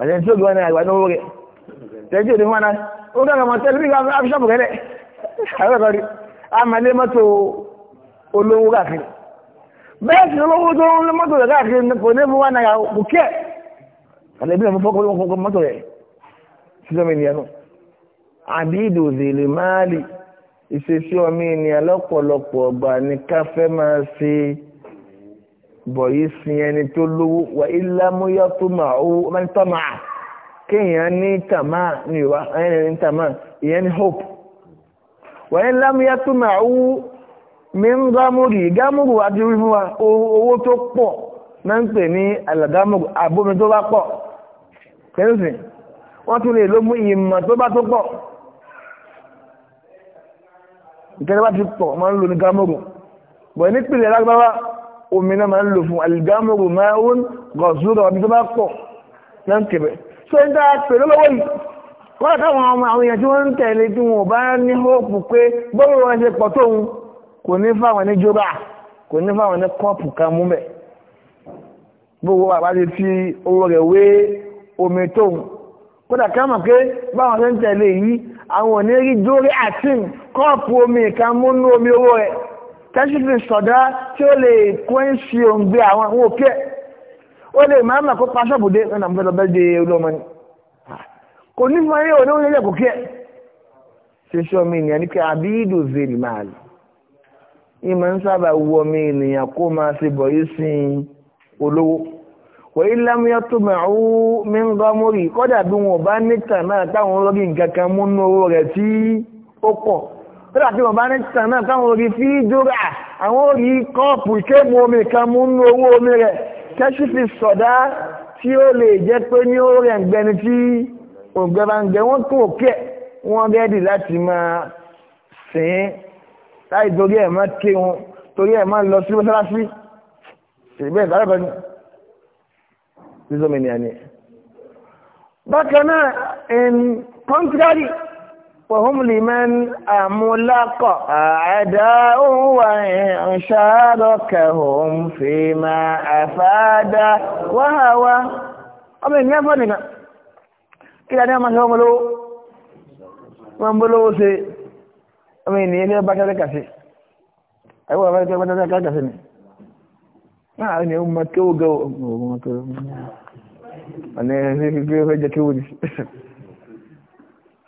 Speaker 1: àjẹ́ tí ó gbọ́n ní àgbà ní owó rẹ̀ tẹ́jú òní mọ́ná ó dára mọ́ tẹ́lẹ̀ bí i àfíṣàpù rẹ̀ dẹ̀ àwẹ́ kọ́ rí àmàlé mọ́tò olówó káàkiri bẹ́ẹ̀ sì olówó tó ń lé mọ́tò rẹ̀ káàkiri kò ní fún wa náírà kò kí ẹ̀ kàlẹ́ bí wọn fọ́kọ́ ló fọ́kọ́ mọ́tò rẹ̀ sísọmi ènìyàn nù àbídò zèlè máàlì ìṣesí ọmọ ènìyàn lọ́pọ̀lọpọ̀ ọgbà ní káfẹ́ máa ṣe bọ̀yì sin ẹni tó lówó wà ilámúyá tó máa ó máa ń tọ́ kéèyàn ní tàmá ní ìwà ẹni ní tàmá ìyẹn ní hope wà ilámúyá tó máa ó min gámúrì gámúrù àti orí fún wa owó tó pọ̀ náà ń pè ní àlàgámúrù àbómi tó bá pọ̀ kẹ́rìsì wọ́n tún lè ló mú ìmọ̀ tó bá tó pọ̀ ìkẹ́rẹ́ bá ti pọ̀ máa ń lò ní gámúrù bọ̀ nípìnlẹ̀ lágbára omi náà máa ń lò fún àlìgámúrù máa ń gọ̀ọ́sùrọ̀ ọdún tó bá pọ̀ náà ń kẹ̀bẹ̀ so ń dá pè lọ́wọ́ yìí wọ́n táwọn ọmọ àwọn èèyàn tí wọ́n ń tẹ̀lé tí wọn ò bá ní hóòpù pé gbọ́dọ̀ wọn ṣe pọ̀ tóun kò ní fáwọn ní jóbà kò ní fáwọn ní kọ́ọ̀pù kan mú bẹ̀ gbogbo àbá ti fi owó rẹ̀ wé omi tóun kódà ká mọ̀ pé báwọn ṣe ń tẹ̀lé yìí àwọn òní rí jórí àtìm kọ́ọ̀pù omi ìkan múnú omi owó rẹ̀ tẹ́sífì sọ̀dá tí ó lè kó ń ṣe òǹgbẹ àwọn àwọn òkè ó lè máa mà kó pa nínú àwọn ọ̀bẹ de olómọ ni kò ní fún ayé òní oúnjẹ kò kí ẹ̀ ṣe ṣe omi ènìyàn ní kí abídù zèlì máa lò ìmọ̀ ń sábà wu ọmọ ènìyàn kó máa ṣe bọ̀ yìí sin olówó wọ́n yìí lámúyá tó máa ń mí ń gbọ́ mórí kọ́dà bí wọn bá níta náà táwọn olórí nǹkan kan múnú owó rẹ̀ tí ó pọ̀ kọ́dà bí wọn bá níta náà táwọn olórí fi dúrà àwọn orí kọ́ọ̀pù kébù omi kan múnú owó omi rẹ̀ kẹ́sì fi sọ̀dá tí ó lè jẹ́ pé ní ó rẹ̀ ń gbẹni tí òǹgbẹ́ bá ń gbẹ wọ́n tó kẹ́ wọ́n rẹ́dì láti máa sìn ín láì torí ẹ̀ máa ké wọn torí ẹ̀ máa lọ sí mọ́sálásí ṣèbẹ́ ìbáraba ni sísọmìnìyàn ni. bákan náà in contrary وهم لمن ملق أعداء وإن شاركهم فيما أفاد وهوى ọmọ ènìyàn fọ́nìyàn kí ni a ní ọmọ ṣe ọmọ ṣe ọmọ ènìyàn ní ọba tẹ́lẹ̀kà sí ẹwọ́ ọba tẹ́lẹ̀kà sí ni náà ni ó máa kéwò gẹ́wò ọmọ ọmọ ọmọ ẹ̀rẹ́ kéwò ní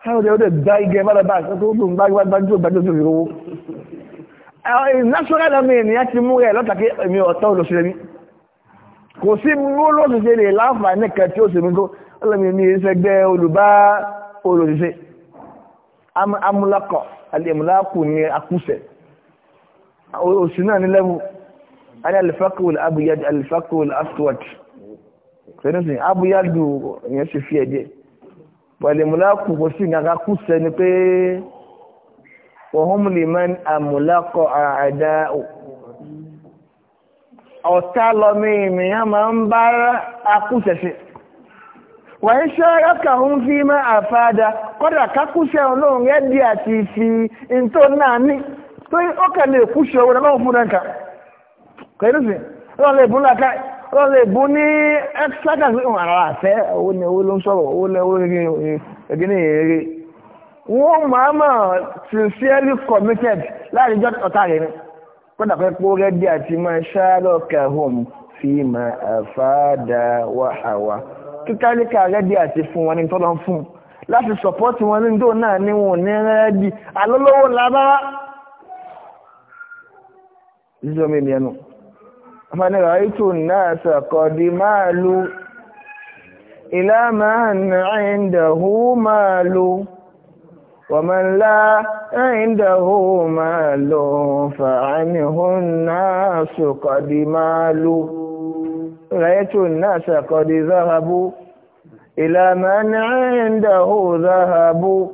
Speaker 1: ṣáwọ́dẹ̀ ó dẹ̀ dá igẹ̀ bá bá tó tó ń gbájú gbájú tó lówó natural ọmọ ènìyàn ti mú rẹ̀ lọ́tàkì èmi ọ̀tọ́ olóṣèlú kò sí bólóṣèlú láǹfààní kẹ tí ó ṣèlú tó ọlọ́mọ ènìyàn ṣẹgbẹ́ olùbá olóṣèlú amúlákọ̀ alẹ́múlákù ní akúṣẹ̀ òsì náà ní lẹ́wù alẹ́ alifakul abuyad alifakul aswad fẹ́nìsì abuyadu ìyẹn ṣe fi ẹ̀dẹ́ pẹ̀lẹ́múlákù kò sí ìgbàgbà kúṣẹ̀ ni pé wọ́n lè wàá ṣe rákàhún fi máa àfáàdà kọ́dà kákúṣẹ́ ọlọ́run rẹ́dí àti fi ntó náà ní tó ó kẹ̀lé kúṣẹ́ owó lọ́wọ́ fún náà kà kẹ́lú sí ọlọ́run lè ní ẹ́kṣákà sí ìwọ̀n ara àfẹ́ owó ni owó ló ń sọ̀rọ̀ sincerely committed kíkálíkà rẹ́dí àti fún wọn ní tọ́lọ́ fún láti sọ̀pọ́tì wọn ní dò náà ní wọn ní rẹ́dí alólówó lábá jíjọ́ mi nìyẹn nù afẹ́ni ràítù náà sàkọ̀dí máa ilá máa ń rìndàhú máa lu ومن لا عنده مال فعنه الناس قد مالوا ra'aytu الناس قد ذهبوا إلى من عنده ذهبوا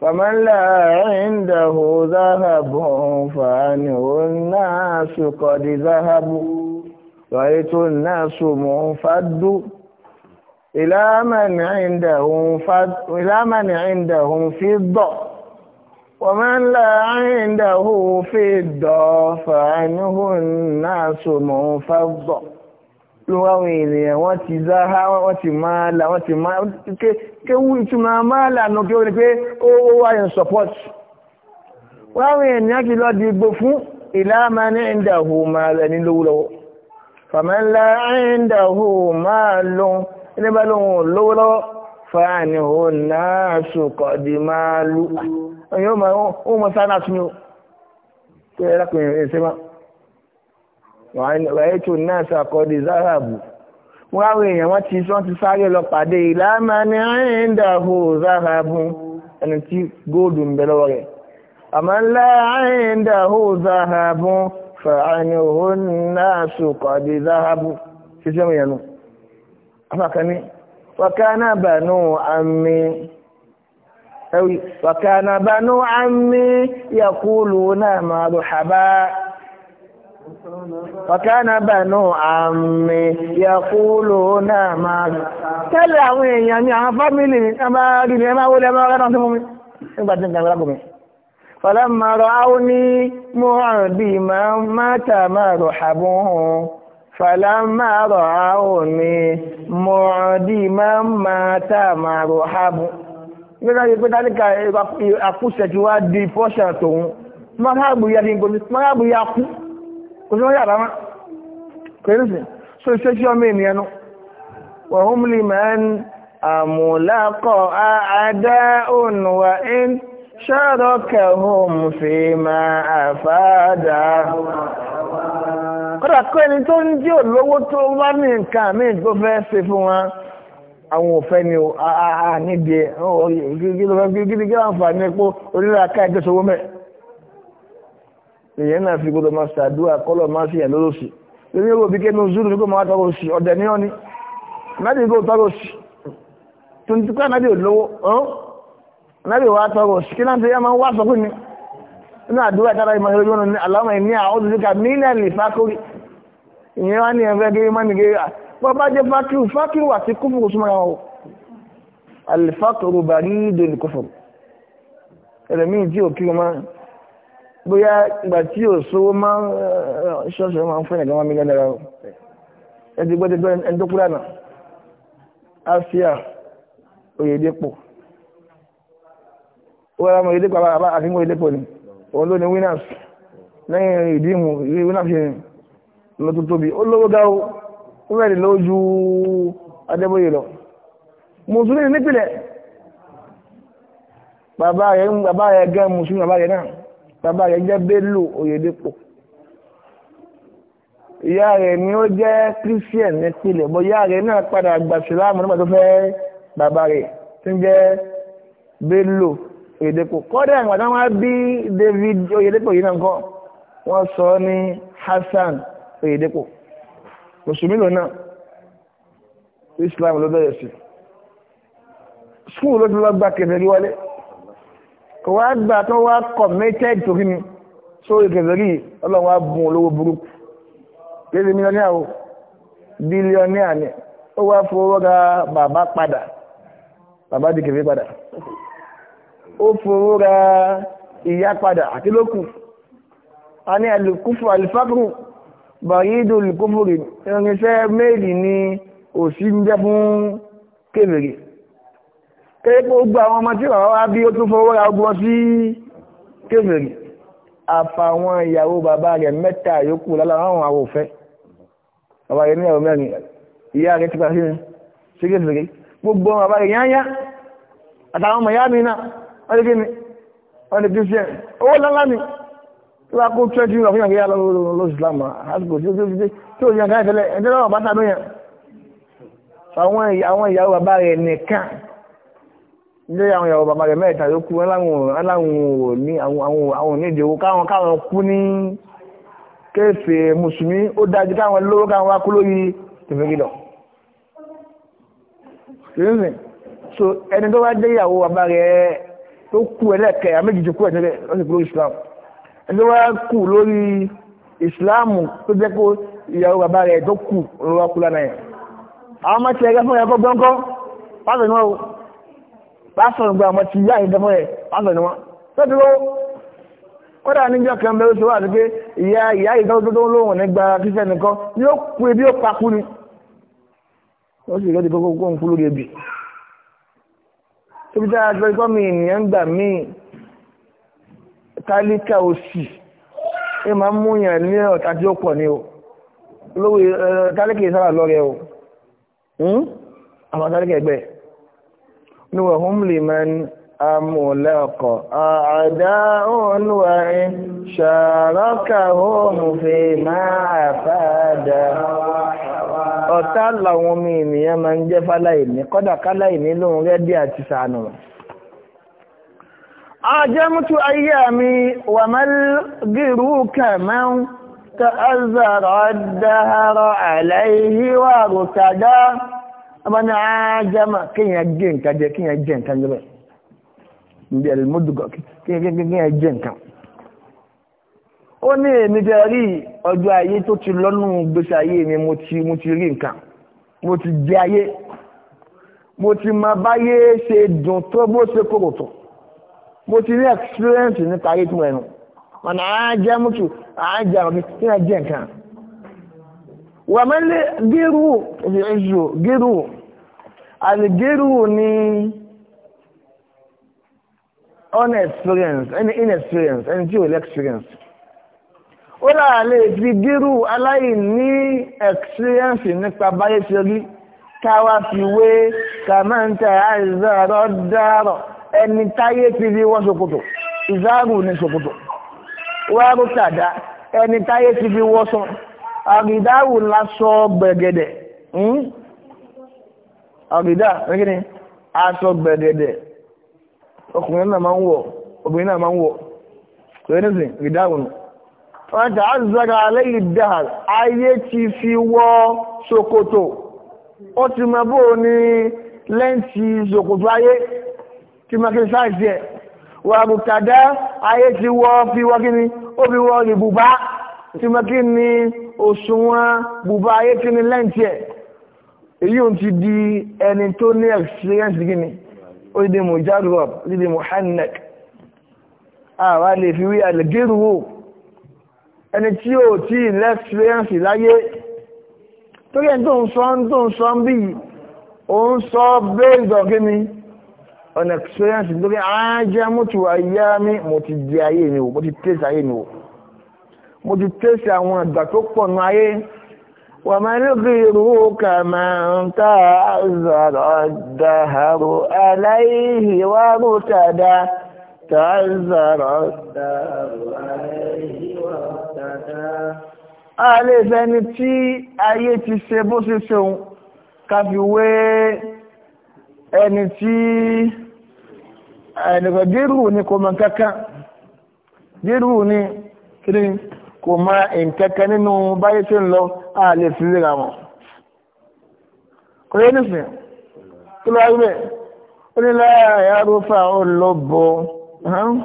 Speaker 1: فمن لا عنده ذهب فعنه الناس قد ذهبوا رأيت الناس منفد إلى من عندهم فد إلى من عندهم فضة ومن لا عنده فضة فعنه الناس منفضة ló ráwọn ènìyàn wọ́n ti záhá wọ́n ti máa là wọ́n ti máa kéwú ìtumọ̀ máa lànà kí ó ní pé ó wà yẹn support ráwọn ènìyàn ti lọ dìgbò fún ìlàmà ní ìdàhù máa rẹ̀ ní lówó lọ́wọ́ fàmẹ́lá ìdàhù máa lọ ilé bá lóhun lówó lọ́wọ́ fàánì ò náà sùkọ̀ di máa lú ọ̀yọ́ ó mọ̀ sáà tún ní ó yẹ lápẹ̀ ẹ̀ṣẹ́ máa ràyètò náà sàkọ́dé záhàbù wọ́n àwọn èèyàn wọ́n ti sọ́n ti sáré lọ pàdé ìlàmà ní àìndàhù záhàbù ẹni tí góòdù ń bẹ lọ́wọ́ rẹ̀ àmọ́ ńlá àìndàhù záhàbù fàánì òhun náà sùkọ́dé záhàbù ṣiṣẹ́ yẹnu Ọ̀kánà bẹ̀nú àmì yẹkúlò náà máa rí. Tẹ́lẹ̀ àwọn èèyàn ni àwọn fámílì ní ọmọ rí ní ẹmà wọlé ẹmà ọ̀rẹ́dàn tó mú mi. Nígbà tí ń gbàgbà gbòmí. Fọlá máa rọ áwọn ní mú àrùn bí máa máta máa rọ àbún hùn. Fọlá máa rọ áwọn Nígbà tí pé tálíkà àkúṣẹ̀ ti wá di pọ́ṣà tòun. Máa bù ya kú kò sí wọ́n yàrá má pẹ̀lú sí so iṣẹ́ tí ọmọ ènìyàn nù wọ̀hún lè máa ń àmúlákọ̀ àádá òun wà ń ṣàrọ̀kẹ̀hùn fi máa àfáàdá kódà kó ẹni tó ń jí olówó tó bá ní nǹkan àmì tó fẹ́ ṣe fún wa àwọn òfẹ́ ni ó níbi ẹ̀ gígí ló fẹ́ gígí ló fẹ́ epo orílẹ̀ akáyẹ̀dẹ́sowó èyàn náà fi gbọdọ̀ máa ṣàdúrà kọ́lọ̀ máa fi hàn lólóṣì lórí èrò bí kéènù zúrù ní kó máa tọrọ òṣì ọ̀dẹ̀ ní ọ́ni náàbì kó tọrọ òṣì tuntun ká náàbì olówó náàbì wá tọrọ òṣì kí náà tó yá máa wá sọ fún mi nínú àdúrà ìtara ìmọ̀ ìrọ̀lẹ́ ọ̀nà ní àlámà ìní àwọn òṣìṣẹ́ ká mílíọ̀nù fákórì ìyẹn wá ní ẹ̀fẹ́ gẹ́gẹ́ má ní gẹ́gẹ́ wọ́n bá jẹ́ fákìrù fákìrù àti kúfù kò súnmọ́ra wọn alifákòrò bàrí ìdòlù kúfù ẹlẹ́mìí tí ò kí wọn máa bóyá ìgbà tí ò sówó máa ń eh, ṣọ́ọ̀ṣọ́ máa ń fún ẹ̀gá wọn mílíọ̀nù náírà o ẹ ti gbọ́dọ̀ gbọ́ ẹni tó kúrò àná Asia Oyedepo ó yára mọ Oyedepo àbá àfihàn Oyedepo ni òun ló ní winners lẹ́yìn ìdíhùn winners yẹn ló tó tóbi ó lówó gá o ó rẹ̀ lójú Adébóyè lọ mùsùlùmí nípìnlẹ̀ bàbá rẹ̀ gẹ́ mùsùlùmí bàbá rẹ̀ náà bàbá rẹ̀ jẹ́ Bello Oyedepo ìyá rẹ̀ ni ó jẹ́ Christian ní tilẹ̀ bọ́ ìyá rẹ̀ náà padà gba Ìsìlámù nígbà tó fẹ́ bàbá rẹ̀ tí ń jẹ́ Bello Oyedepo kọ́dà ìgbà tí wọ́n bí David Oyedepo yìí náà kọ́ wọ́n sọ ọ́ ní Hassan Oyedepo mùsùlùmí lò náà Islam ló bẹ̀rẹ̀ sí skul ló ti lọ gba kẹfẹ́ rí wọlé kò wá gbà tó wá committed to him sórí kẹfẹ́rì ọlọ́run wá bùn olówó burúkú kéde mílíọ̀nìyà o bílíọ̀nìyà ni ó wá fowó ra bàbá padà bàbá di kẹfẹ́ padà ó fowó ra ìyá padà àti lókù a ní alùkúfù alifákùrù bàyídò olùkúfù rè irinṣẹ́ méèlì ni òsì ń jẹ́ fún kẹfẹ́rì kéèkó gbogbo àwọn ọmọ tí bàbá wá bí ó tún fọwọ́ ra ọgbọ́n sí kéfèrè àfàwọn ìyàwó bàbá rẹ̀ mẹ́ta yòókù láláwọn àwọn òfẹ́ bàbá rẹ̀ níyàwó mẹ́rin ìyá rẹ̀ ti pàṣẹ sí kéfèrè gbogbo bàbá rẹ̀ yányá àtàwọn ọmọ ìyá mi náà wọ́n ti kí ni wọ́n ni tí wàá kó twenty million fún yàrá lọ́sùn islam àsìkò tí nílé àwọn ìyàwó bàbá rẹ̀ mẹ́ta ló kú aláwọn ò ní ìdíwó káwọn káwọn kú ní kéèfé mùsùlùmí ó dájú káwọn lówó káwọn wá kú lórí tìfẹ́gìdọ̀ so ẹni tó bá dé ìyàwó bàbá rẹ̀ tó kú ẹlẹ́kẹ̀ àméjì tó kú ẹ̀ nílẹ̀ lọ́sẹ̀ kúrò Islam ẹni tó bá kú lórí Islam tó jẹ́ kó ìyàwó bàbá rẹ̀ tó kú lọ́wọ́ kú lánàá yẹn àwọn ọmọ tí ẹgbẹ́ bá sọ̀rọ̀ gba àwọn ti yá ìdẹ́fọ́ ẹ̀ bá sọ̀rọ̀ wọn lọ́tí lọ́wọ́ kódà níjọ́ kan bẹ̀rẹ̀ sọ wà sí pé ìyá ìyá ìdánwò tó lóhùn ní gba kíṣẹ́ nìkan yóò pè bí ó pakú ni ó sì rẹ́dí kókó kó ń kú lórí ebì tóbi tára sọ ikọ́ mi ènìyàn gbà mí tálíkà òsì ẹ máa ń múyàn ní ọ̀tá tí ó pọ̀ ni o olówó tálíkà ìsára lọ́rẹ̀ o hmm? àwọn tálíkà ẹgbẹ́ ẹ̀ وهم لمن أملق أعداء وإن شاركهم فيما أفاد ọ̀tá làwọn ọmọ ènìyàn máa ń jẹ́ fáláìní kọ́dà káláìní lóhun rẹ́dí àti sànù ajẹ́mútu ayé àmì wàmẹ́lgìrú kẹ̀mẹ́un tẹ́ ẹzẹ̀rọ̀ dáhàrọ̀ àlẹ́ ìhíwà rùtàdá ọba ní ájámà kíyàn jẹ́ nǹkan jẹ́ kíyàn jẹ́ nǹkan jẹ́ bẹ́ẹ̀ níbi ẹ̀lẹ́mọ́dùgọ́ kíyàn jẹ́ nǹkan ó ní èmi jẹ́ rí ọjọ́ ayé tó ti lọ́nù gbèsè ayé mi mo ti mo ti rí nǹkan mo ti jẹ ayé mo ti mọ báyé ṣe dùn tó bó ṣe kòrò tó mo ti ní experience nípa ayé tó ẹnu ọ̀nà ájámùtù ájámùtù kíyàn jẹ́ nǹkan wàmẹ́ lé gírù ẹ̀ṣù gírù àlìgírù ní unexperience ẹni inexperience ẹni tí experience ó lára lè fi gírù aláìní experience nípa báyé ṣe rí káwá fi wé kàmáǹtà àìzàrọ̀ dárọ̀ ẹni táyé ti rí wọ́n ṣòkòtò ìzárù ní ṣòkòtò wárú ẹni táyé ti rí wọ́n ṣòkòtò àgìdáwò lásọ gbẹ̀gẹ̀dẹ̀ hmm? àgìdá rẹ́gẹ́ni aṣọ gbẹ̀gẹ̀dẹ̀ ọkùnrin náà máa ń wọ̀ obìnrin náà máa ń wọ̀ kò yẹ́ nísìn àgìdáwò nù wọ́n ta azọ́ra lẹ́yìn dáhàr ayé ti fi wọ́ ṣòkòtò ó ti mọ bó ní lẹ́ǹtì ṣòkòtò ayé ti mọ kí sáìsì ẹ̀ wà bùkàdá ayé ti wọ́ fi wọ́ kí ni ó fi wọ́ ìbùbá tí mo kí ni òṣùwọ̀n bùbá ayé kí ni lẹ́ǹtì ẹ̀ èyí ò ti di ẹni tó ní experience kí ni ó ti di mujarrab ó ti di muhannak àwa lè fi wí àlẹ́gẹ́rù wò ẹni tí ò tí ì lẹ́sìrẹ́ǹsì láyé torí ẹni tó ń sọ ń tó ń sọ mútu ayé mi mo ti di ayé mi wò mo ti tẹ̀sí ayé mi wò mo ti tẹ́sí àwọn àgbà tó pọ̀ nù ayé wà máa ní kí irú kà máa ń ta àzàrà dàhàrò aláìhì wá rò tàdá ta tàdá. tí ṣe bó ṣe ṣeun ká fi wé ẹni tí ẹnìkan dírù ni kò kankan dírù ni kí kò mọ ìkẹ́kẹ́ nínú báyé tí ń lọ a lè fi ríra wọn kò yẹ nísìn kí ló wáyé bẹ́ẹ̀ ó ní láàárín arúfà ó lọ bọ ó ní láàárín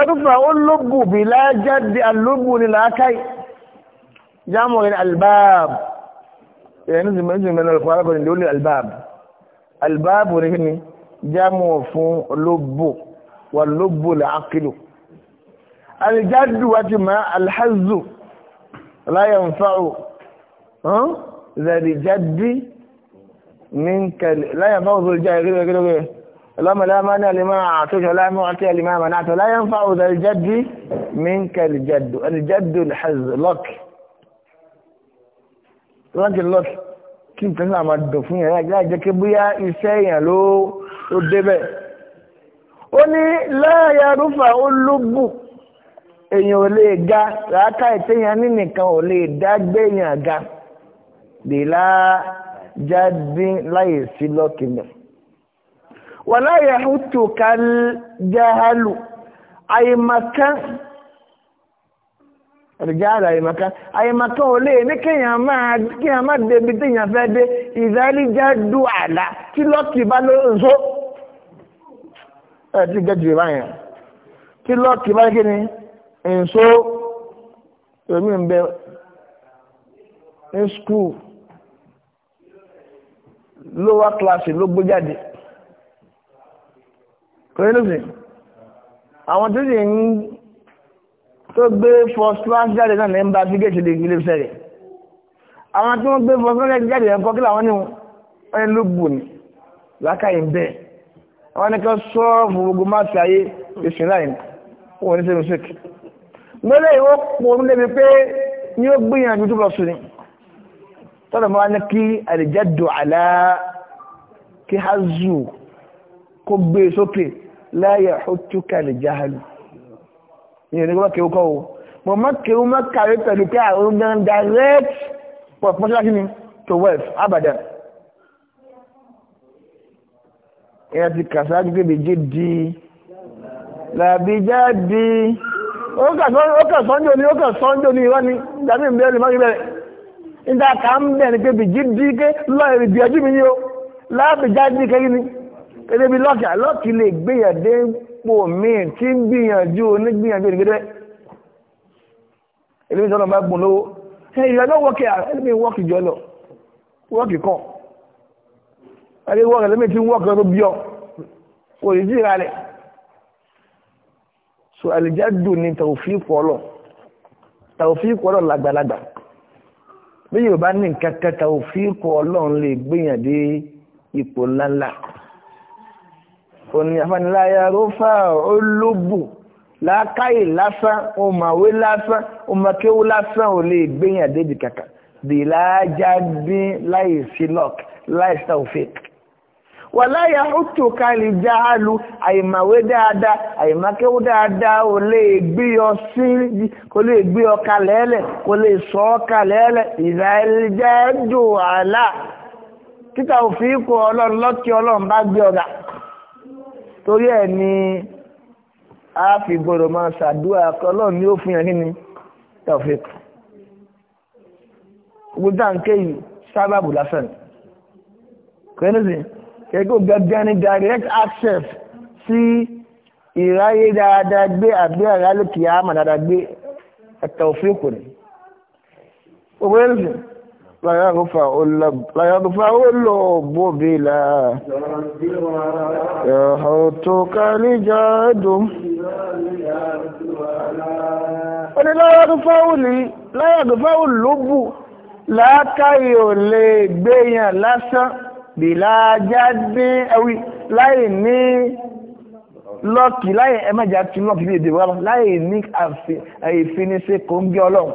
Speaker 1: arúfà ó lóbù bí lájáde alóbù ní làákàyè jámọ̀ rẹ̀ albáàbù ìrẹ́nìzìmọ̀ ìrẹ́nìzìmọ̀ ìrẹ́nìzìmọ̀ ìrẹ́nìzìmọ̀ ìrẹ́nìzìmọ̀ الباب رهني جامع فن لبو واللب العقل الجد وجمع الحز لا ينفع ها ذا الجد منك لا ينفع ذو الجد غير غير غير لما لا مانع لما اعطيك لا معطي لما منعته لا ينفع ذا الجد منك الجد الجد الحز لك لك لك kí nǹkan náà máa dùn fún yẹn láì jẹ́ kí bóyá iṣẹ́ èèyàn ló débẹ̀ ó ní láàyà rúfà ó lóbù èèyàn ò lè ga làákà ìtẹ́yàn ní nìkan ò lè dá gbẹ̀yàn ga dèlà jáde láyè sí lọ́kìmẹ̀ wà láyà hútù ká jáhálù àyèmàkán rìjáàrà àyèmàká àyèmàká ò lè ní kéèyàn máa kéèyàn máa débi téèyàn fẹ́ dé ìdálíjà du àlá tí lọ́ọ̀kì bá ló ń so ẹ̀ tí gẹ́jù báyẹn tí lọ́ọ̀kì bá kí ni ń so èmi ń bẹ ní skul lower class ló gbé jáde kò ní lóṣèlú àwọn tó sì ń tó gbé first class jáde náà ní bá fi gẹ̀ẹ́sì lè gbélé fẹ́ rẹ̀ àwọn tí wọ́n gbé first class jáde ẹ̀kọ́ kí làwọn ní wọ́n ní lóògbò ní lákàyè ń bẹ́ẹ̀ àwọn ní kan sọ́ọ̀rọ̀ fún gbogbo má ti ayé ìsìn láì wọ́n ní láyé ọ̀túkà lè jáhálù ìyẹn nígbà kéwú kọ́ o mọ̀ mọ́ kéwú mọ́ kàwé pẹ̀lú pé àwọn gan direct proportional kí ni to wealth abada. ìyẹn ti kà sáájú pé bèjì di làbíjá di ó kà sọ́njọ́ ni ó kà sọ́njọ́ ni ìwọ́n ni dàbí ìbẹ̀rẹ̀ lè má rí bẹ̀rẹ̀ nígbà kà ń bẹ̀ ni pé bèjì di ké lọ́ọ̀ èrè bìyànjú mi ni o láàbíjá di kẹ́kí nípò míì tí ń gbìyànjú onígbìyànjú onígbẹ́dẹ́ ẹlẹ́mìí sọ́nà bá gbùn lówó ẹ̀yìn ìyàlọ́ wọ́ọ̀kì ẹlẹ́mìí wọ́ọ̀kì jọ lọ wọ́ọ̀kì kan ẹlẹ́mìí tí ọdún bíọ́ kò rẹ̀ so tàwùfíìkù ọlọ tàwùfíìkù ọlọ làgbàlagbà bí Yorùbá ní nǹkan kan tàwùfíìkù Ọlọ́run lè gbìyànjú ipò ńláńlá òní àfàníláyà rúfà olóbù láákàyè lásán òmàwé lásán òmàkéwú lásán ò lè gbéyàn débi kàkà dè láájá bí láì sí lọ́k láì sí òfin wà láyà ó tò ká lè já a lu àìmàwé dáadáa àìmàkéwú dáadáa ò lè gbé ọ sí kò lè gbé ọ kalẹ̀ẹ́lẹ̀ kò lè sọ ọ kalẹ̀ẹ́lẹ̀ ìdájọ́ àlà títà òfin kò ọlọ́run lọ́kì ọlọ́run bá gbé ọ̀gá torí ẹ̀ ni a fi gbọ́dọ̀ máa ṣàdúrà kọlọ́ọ̀ ni ó fún yàn kíni tọ̀fík gbọ́dọ̀ ń kéyìí sábàbù lásán kẹ́lẹ́sì kẹ́kọ̀ọ́ gẹ́gẹ́ ní direct access sí ìráyé dáadáa gbé àbí àrálùkì àmà dáadáa gbé ẹ̀tọ̀ òfin kò ní. Òwúrẹ́lẹ́sì. Bobila, فيغفر الحب بلا يحطك لجاد Oni láyàgùn fáwùlì, láyàgùn fáwùlì ló bù láákàyè ò lè gbéyàn lásán bí láájá dé ẹwì láì ní lọ́kì láì ẹmẹ́jà tí lọ́kì bí èdè wọ́n láì ní àìfinisẹ́ kò ń gẹ́ ọlọ́run.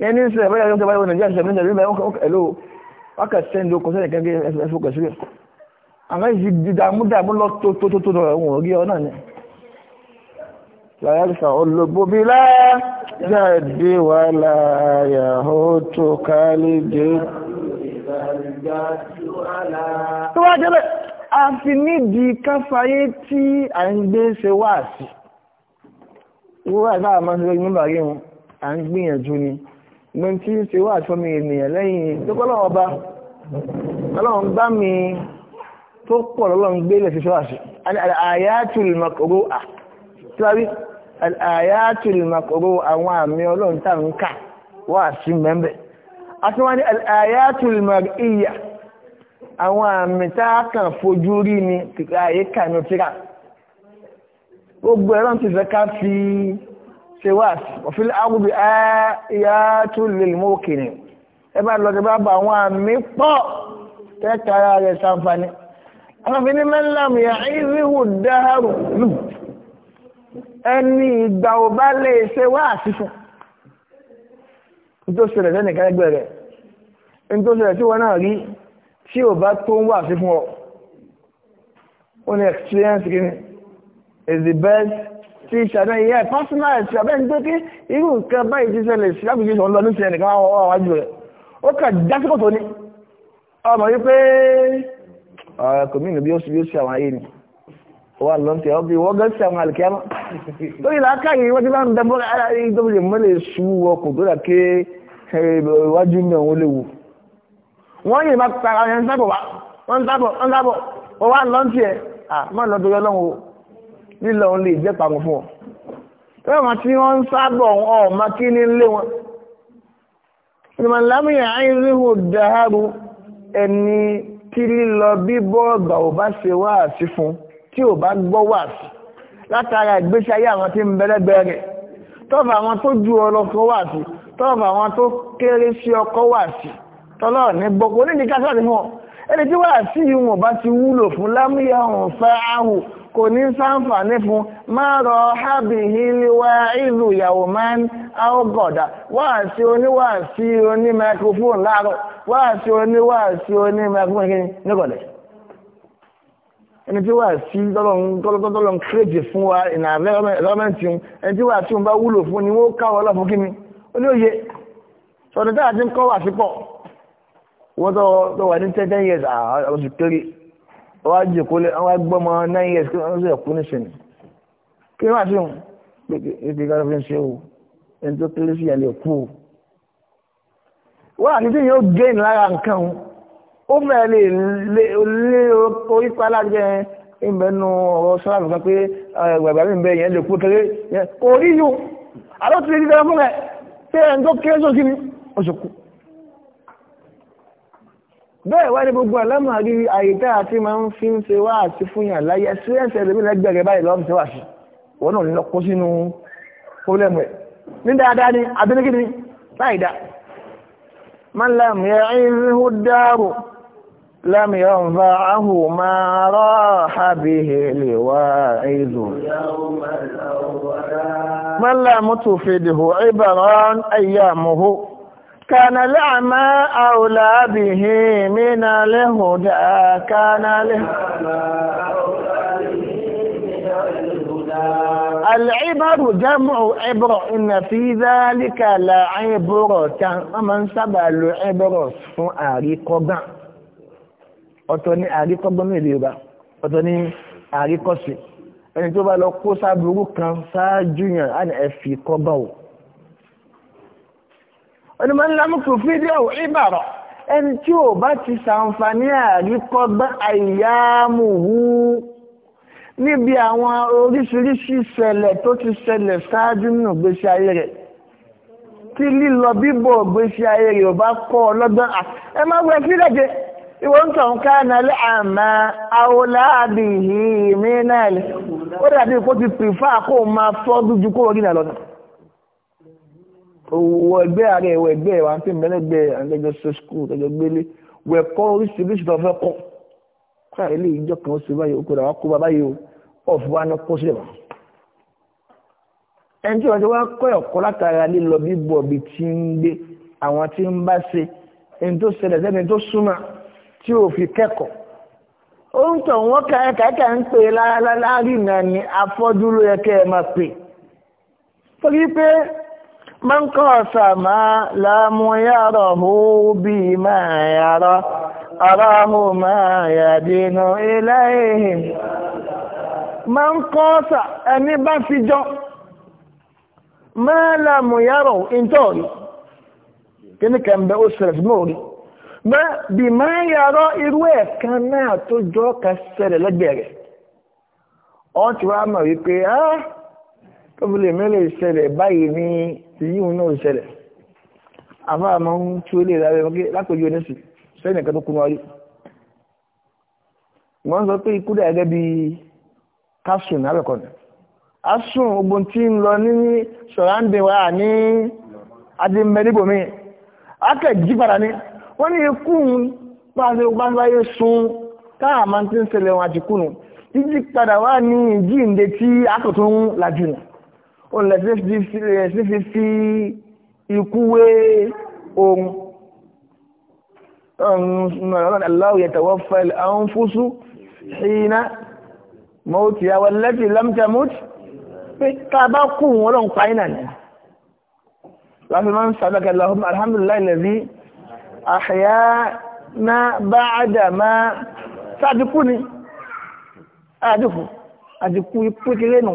Speaker 1: yẹn ní sẹ bẹ́ẹ̀ yọkẹ báyìí nàìjíríà sẹ bẹ́ẹ̀ nàìjíríà yọkẹ di dààmú dààmú lọ tó tó tó tó lọ ẹwọn ògì a fi nídìí káfáyé tí à ń gbé ṣe wáàsì. ìwúrà náà máa ń ṣe nígbà ń gbìyànjú ni. gbọ́n tí ó ṣe wà fún mi ènìyàn lẹ́yìn tókọ́lọ́ ọba ọlọ́run bá mi tó pọ̀ lọ́lọ́run gbé lẹ̀ sí ṣọ́wàṣì a makoro àwọn àmì tá a kàn fojú rí ni kìkà àyíkà ní tíra ṣe wá ọ̀fíl ágùbí ayátú lèmọ́kìnì ẹ bá lọ́dẹ bá bá àwọn àmì pọ̀ tẹ́tara rẹ̀ sàǹfààní àwọn ní mẹ́lám yà ìrìhù dáhàrù lù ẹni ìgbà ò bá lè ṣe wá àṣìṣùn tó ṣẹlẹ̀ sẹ́nì kẹ́gbẹ́ rẹ̀ ní tó ṣẹlẹ̀ tí wọ́n náà rí tí ò bá tó ń wà fún ọ ó ní experience kìíní is the best ti ṣàdán ìyá ẹ̀ personal ẹ̀ ṣàbẹ́ ń gbé irú nǹkan báyìí ti ṣẹlẹ̀ sí lábùjú ìṣọ̀ lọ lóṣù ẹnìkan wà wájú rẹ̀ ó kà jásíkò tó ní ọmọ yìí pé kòmínú bí ó ṣe àwọn ayé ni wà lọ́ntẹ̀ ọbí wọ́n gẹ́ sí àwọn àlùkẹ́ mọ́ lórí làákàyè wọ́n ti bá ń dẹ́bọ́ ìdọ́bìlì mọ́lẹ̀ ṣú ọkùn tó dàké iwájú mẹ́ òun léwu wọ́n yìí máa tara ẹni sábọ̀ wá wọ́n sábọ̀ wọ́n sábọ̀ wọ́n wà lọ́ntẹ̀ à má lọ́dọ̀ yọ lọ́wọ́ lílọ òun lè jẹ́ pàmò fún ọ fẹ́ràn tí wọ́n ń sábọ̀ ọmọ kí ní lé wọn ìmọ̀lámìyà àìríhù dáhàrú ẹni tí lílọ bíbọ́ ọgbà ò bá ṣe wáàsí fún tí ò bá gbọ́ wáàsí látara ìgbésí ayé àwọn tí ń bẹ́lẹ́gbẹ́ rẹ̀ tọ́ọ̀fù àwọn tó ju ọlọ́kọ wáàsí tọ́ọ̀fù àwọn tó kéré sí ọkọ wáàsí tọ́lọ́ ní gbọ́kọ́ onídìí kásá ni wọn ẹni tí wáàsí yìí wọn bá ti wúlò fún lámìyà òun fẹ́ áhù kò ní sáǹfààní fún máa rọ hábìhì liwa ìlú ìyàwó máa ń áwọ́gọ̀dà wáàsí oníwàásí oní microphone láàárọ̀ wáàsí oníwàásí oní microphone kí ní kọ̀lẹ̀ ẹni tí wàásí tọ́lọ́n kírèjì fún wa ìnà ẹ̀rọ́mẹ́ntì ẹni tí wàásí wọn bá wúlò fún ni wọ́n káwọ́ ọlọ́fún kí ni ó ní òye sọ̀rọ̀ tí a ti ń kọ́ wàásí pọ̀ wọ́n tọ́ wà ní 10 years àwọn ah, ti kéré wá jòkó lé wá gbọ́mọ nine years kí wọ́n sì kú nísìnyí kí wọ́n àti òun pé ètò ìgbà fi ń ṣe o ẹni tó kéré sí ìyàlẹ̀ kú o. wọ́n àti tí yóò gain lára nǹkan ó fẹ́ lè lé orí palájẹ ìbẹ̀nu ọ̀rọ̀ sọ́làbù kan pé ìgbàgbà mi bẹ yẹn lè kú kéré kò rí yù àlọ́ tí ó ti fún rẹ̀ pé ẹni tó kéré sókè ni ó sì kú bẹ́ẹ̀ wá ní gbogbo àlámà rí àyíká àti máa ń fi ń ṣe wá àti fún yàn láyé experience ẹlòmí lẹ́gbẹ̀rẹ̀ báyìí lọ́wọ́ ṣe wà sí wọn náà lọ sínú problem rẹ̀ ní dáadáa ni abínigí ni láì dá man lam ya'ihu dáàrò lam yanfa'ahu ma raha bihi liwa'izu man lam tufidhu ibaran ayyamuhu كان الأعمى أولى به من الهدى كان العبر جمع عبر إن في ذلك لا عبرة ومن سبع العبر fún àríkọ́gbọ́n ọ̀tọ̀ ni àríkọ́gbọ́n ní èdè Yorùbá ọ̀tọ̀ ni àríkọ́sí ẹni tó bá lọ kó sáàbùrú kan sáájú yàn á ní ẹ̀fì kọ́gbọ́n onímọ̀ ńlá mọ́kù fídíò ìbàrọ̀ ẹni tí ò bá ti sàǹfàní àríkọ́gbá àyàmùhú níbi àwọn oríṣiríṣi ìṣẹ̀lẹ̀ tó ti ṣẹlẹ̀ ṣáájú nínú gbèsè ayé rẹ̀ tí lílọ bíbọ̀ gbèsè ayé rẹ̀ ò bá kọ́ ọlọ́gbọ́n ẹ má gbé fílẹ̀jẹ̀ ìwọ̀n tó ń ká nálẹ́ àmà àwòláàbìhì mí náà lẹ̀ ó dàbí kó ti pìfà kó máa fọ́ dújú kó rí nà lọ́nà wọ ẹgbẹ́ ààrẹ wọ ẹgbẹ́ ẹ̀wà tí mẹ́lẹ́gbẹ́ àlejò ṣe skul tẹjọ gbélé wọ ẹ̀kọ́ oríṣiríṣi tó fẹ́ kọ́ kọ́ ilé ìjọ kan ó ṣe báyìí ó kódà wá kó bàbá yìí ó ọ̀fù wa ní kó sílẹ̀ wá. ẹni tí wọ́n ti wá kọ́ ẹ̀kọ́ látara lílọ bíbọ̀ bí ti ń gbé àwọn tí ń bá ṣe ẹni tó ṣẹlẹ̀ sẹ́ni tó súnmọ́ tí ò fi kẹ́kọ̀ọ́ ó ń tọ̀ wọ́n kàkàkà ń pè láàrin náà ní afọ́jú ló yẹ kẹ́ من قسم لم يره بما يرى أراه ما يدين إليه من قسم أني بفجر ما لم يره انتوري kíní kan bẹ ó ṣẹlẹ̀ sí mọ́rí bẹ́ bí máa ń yàrá irú ẹ̀ kan náà tó jọ ka ṣẹlẹ̀ lẹ́gbẹ̀ẹ́ ọ́n ti wá mọ̀ wípé á ah, tó fi lè mẹ́lẹ̀ ṣẹlẹ̀ báyìí ní tí yíò náà ṣẹlẹ̀ àfáà máa ń tí ó lè ra rẹ̀ wọ́n lápèjú oníṣì sẹ́yìn kan tó kú wáyé wọ́n sọ pé ikú dà gẹ́gẹ́ bí capsule lábẹ́kọ̀ ni asun ogun tí ń lọ ní surrounding wa ní adimẹ́díbòmí akẹ́jì padà ní wọ́n ní ikú pàṣẹ gbáńgbáyé sun káà ti ń ṣẹlẹ̀ wọn àti kùnù jíjí padà wá ní ìjíǹde tí akọ̀tún lajú náà òun lè sí fi sí ikú wé ohun Allahu yatawaffa al-anfusu hina mawtiha wallati lam tamut pé tá a bá kú wọn lọ́n pa iná ni láti máa ń sàbẹ̀kẹ̀ lọ́hùn alhamdulillahi alladhi ahyana ba'da ma sáàdì ni àdìkú àdìkú ikú kéré nù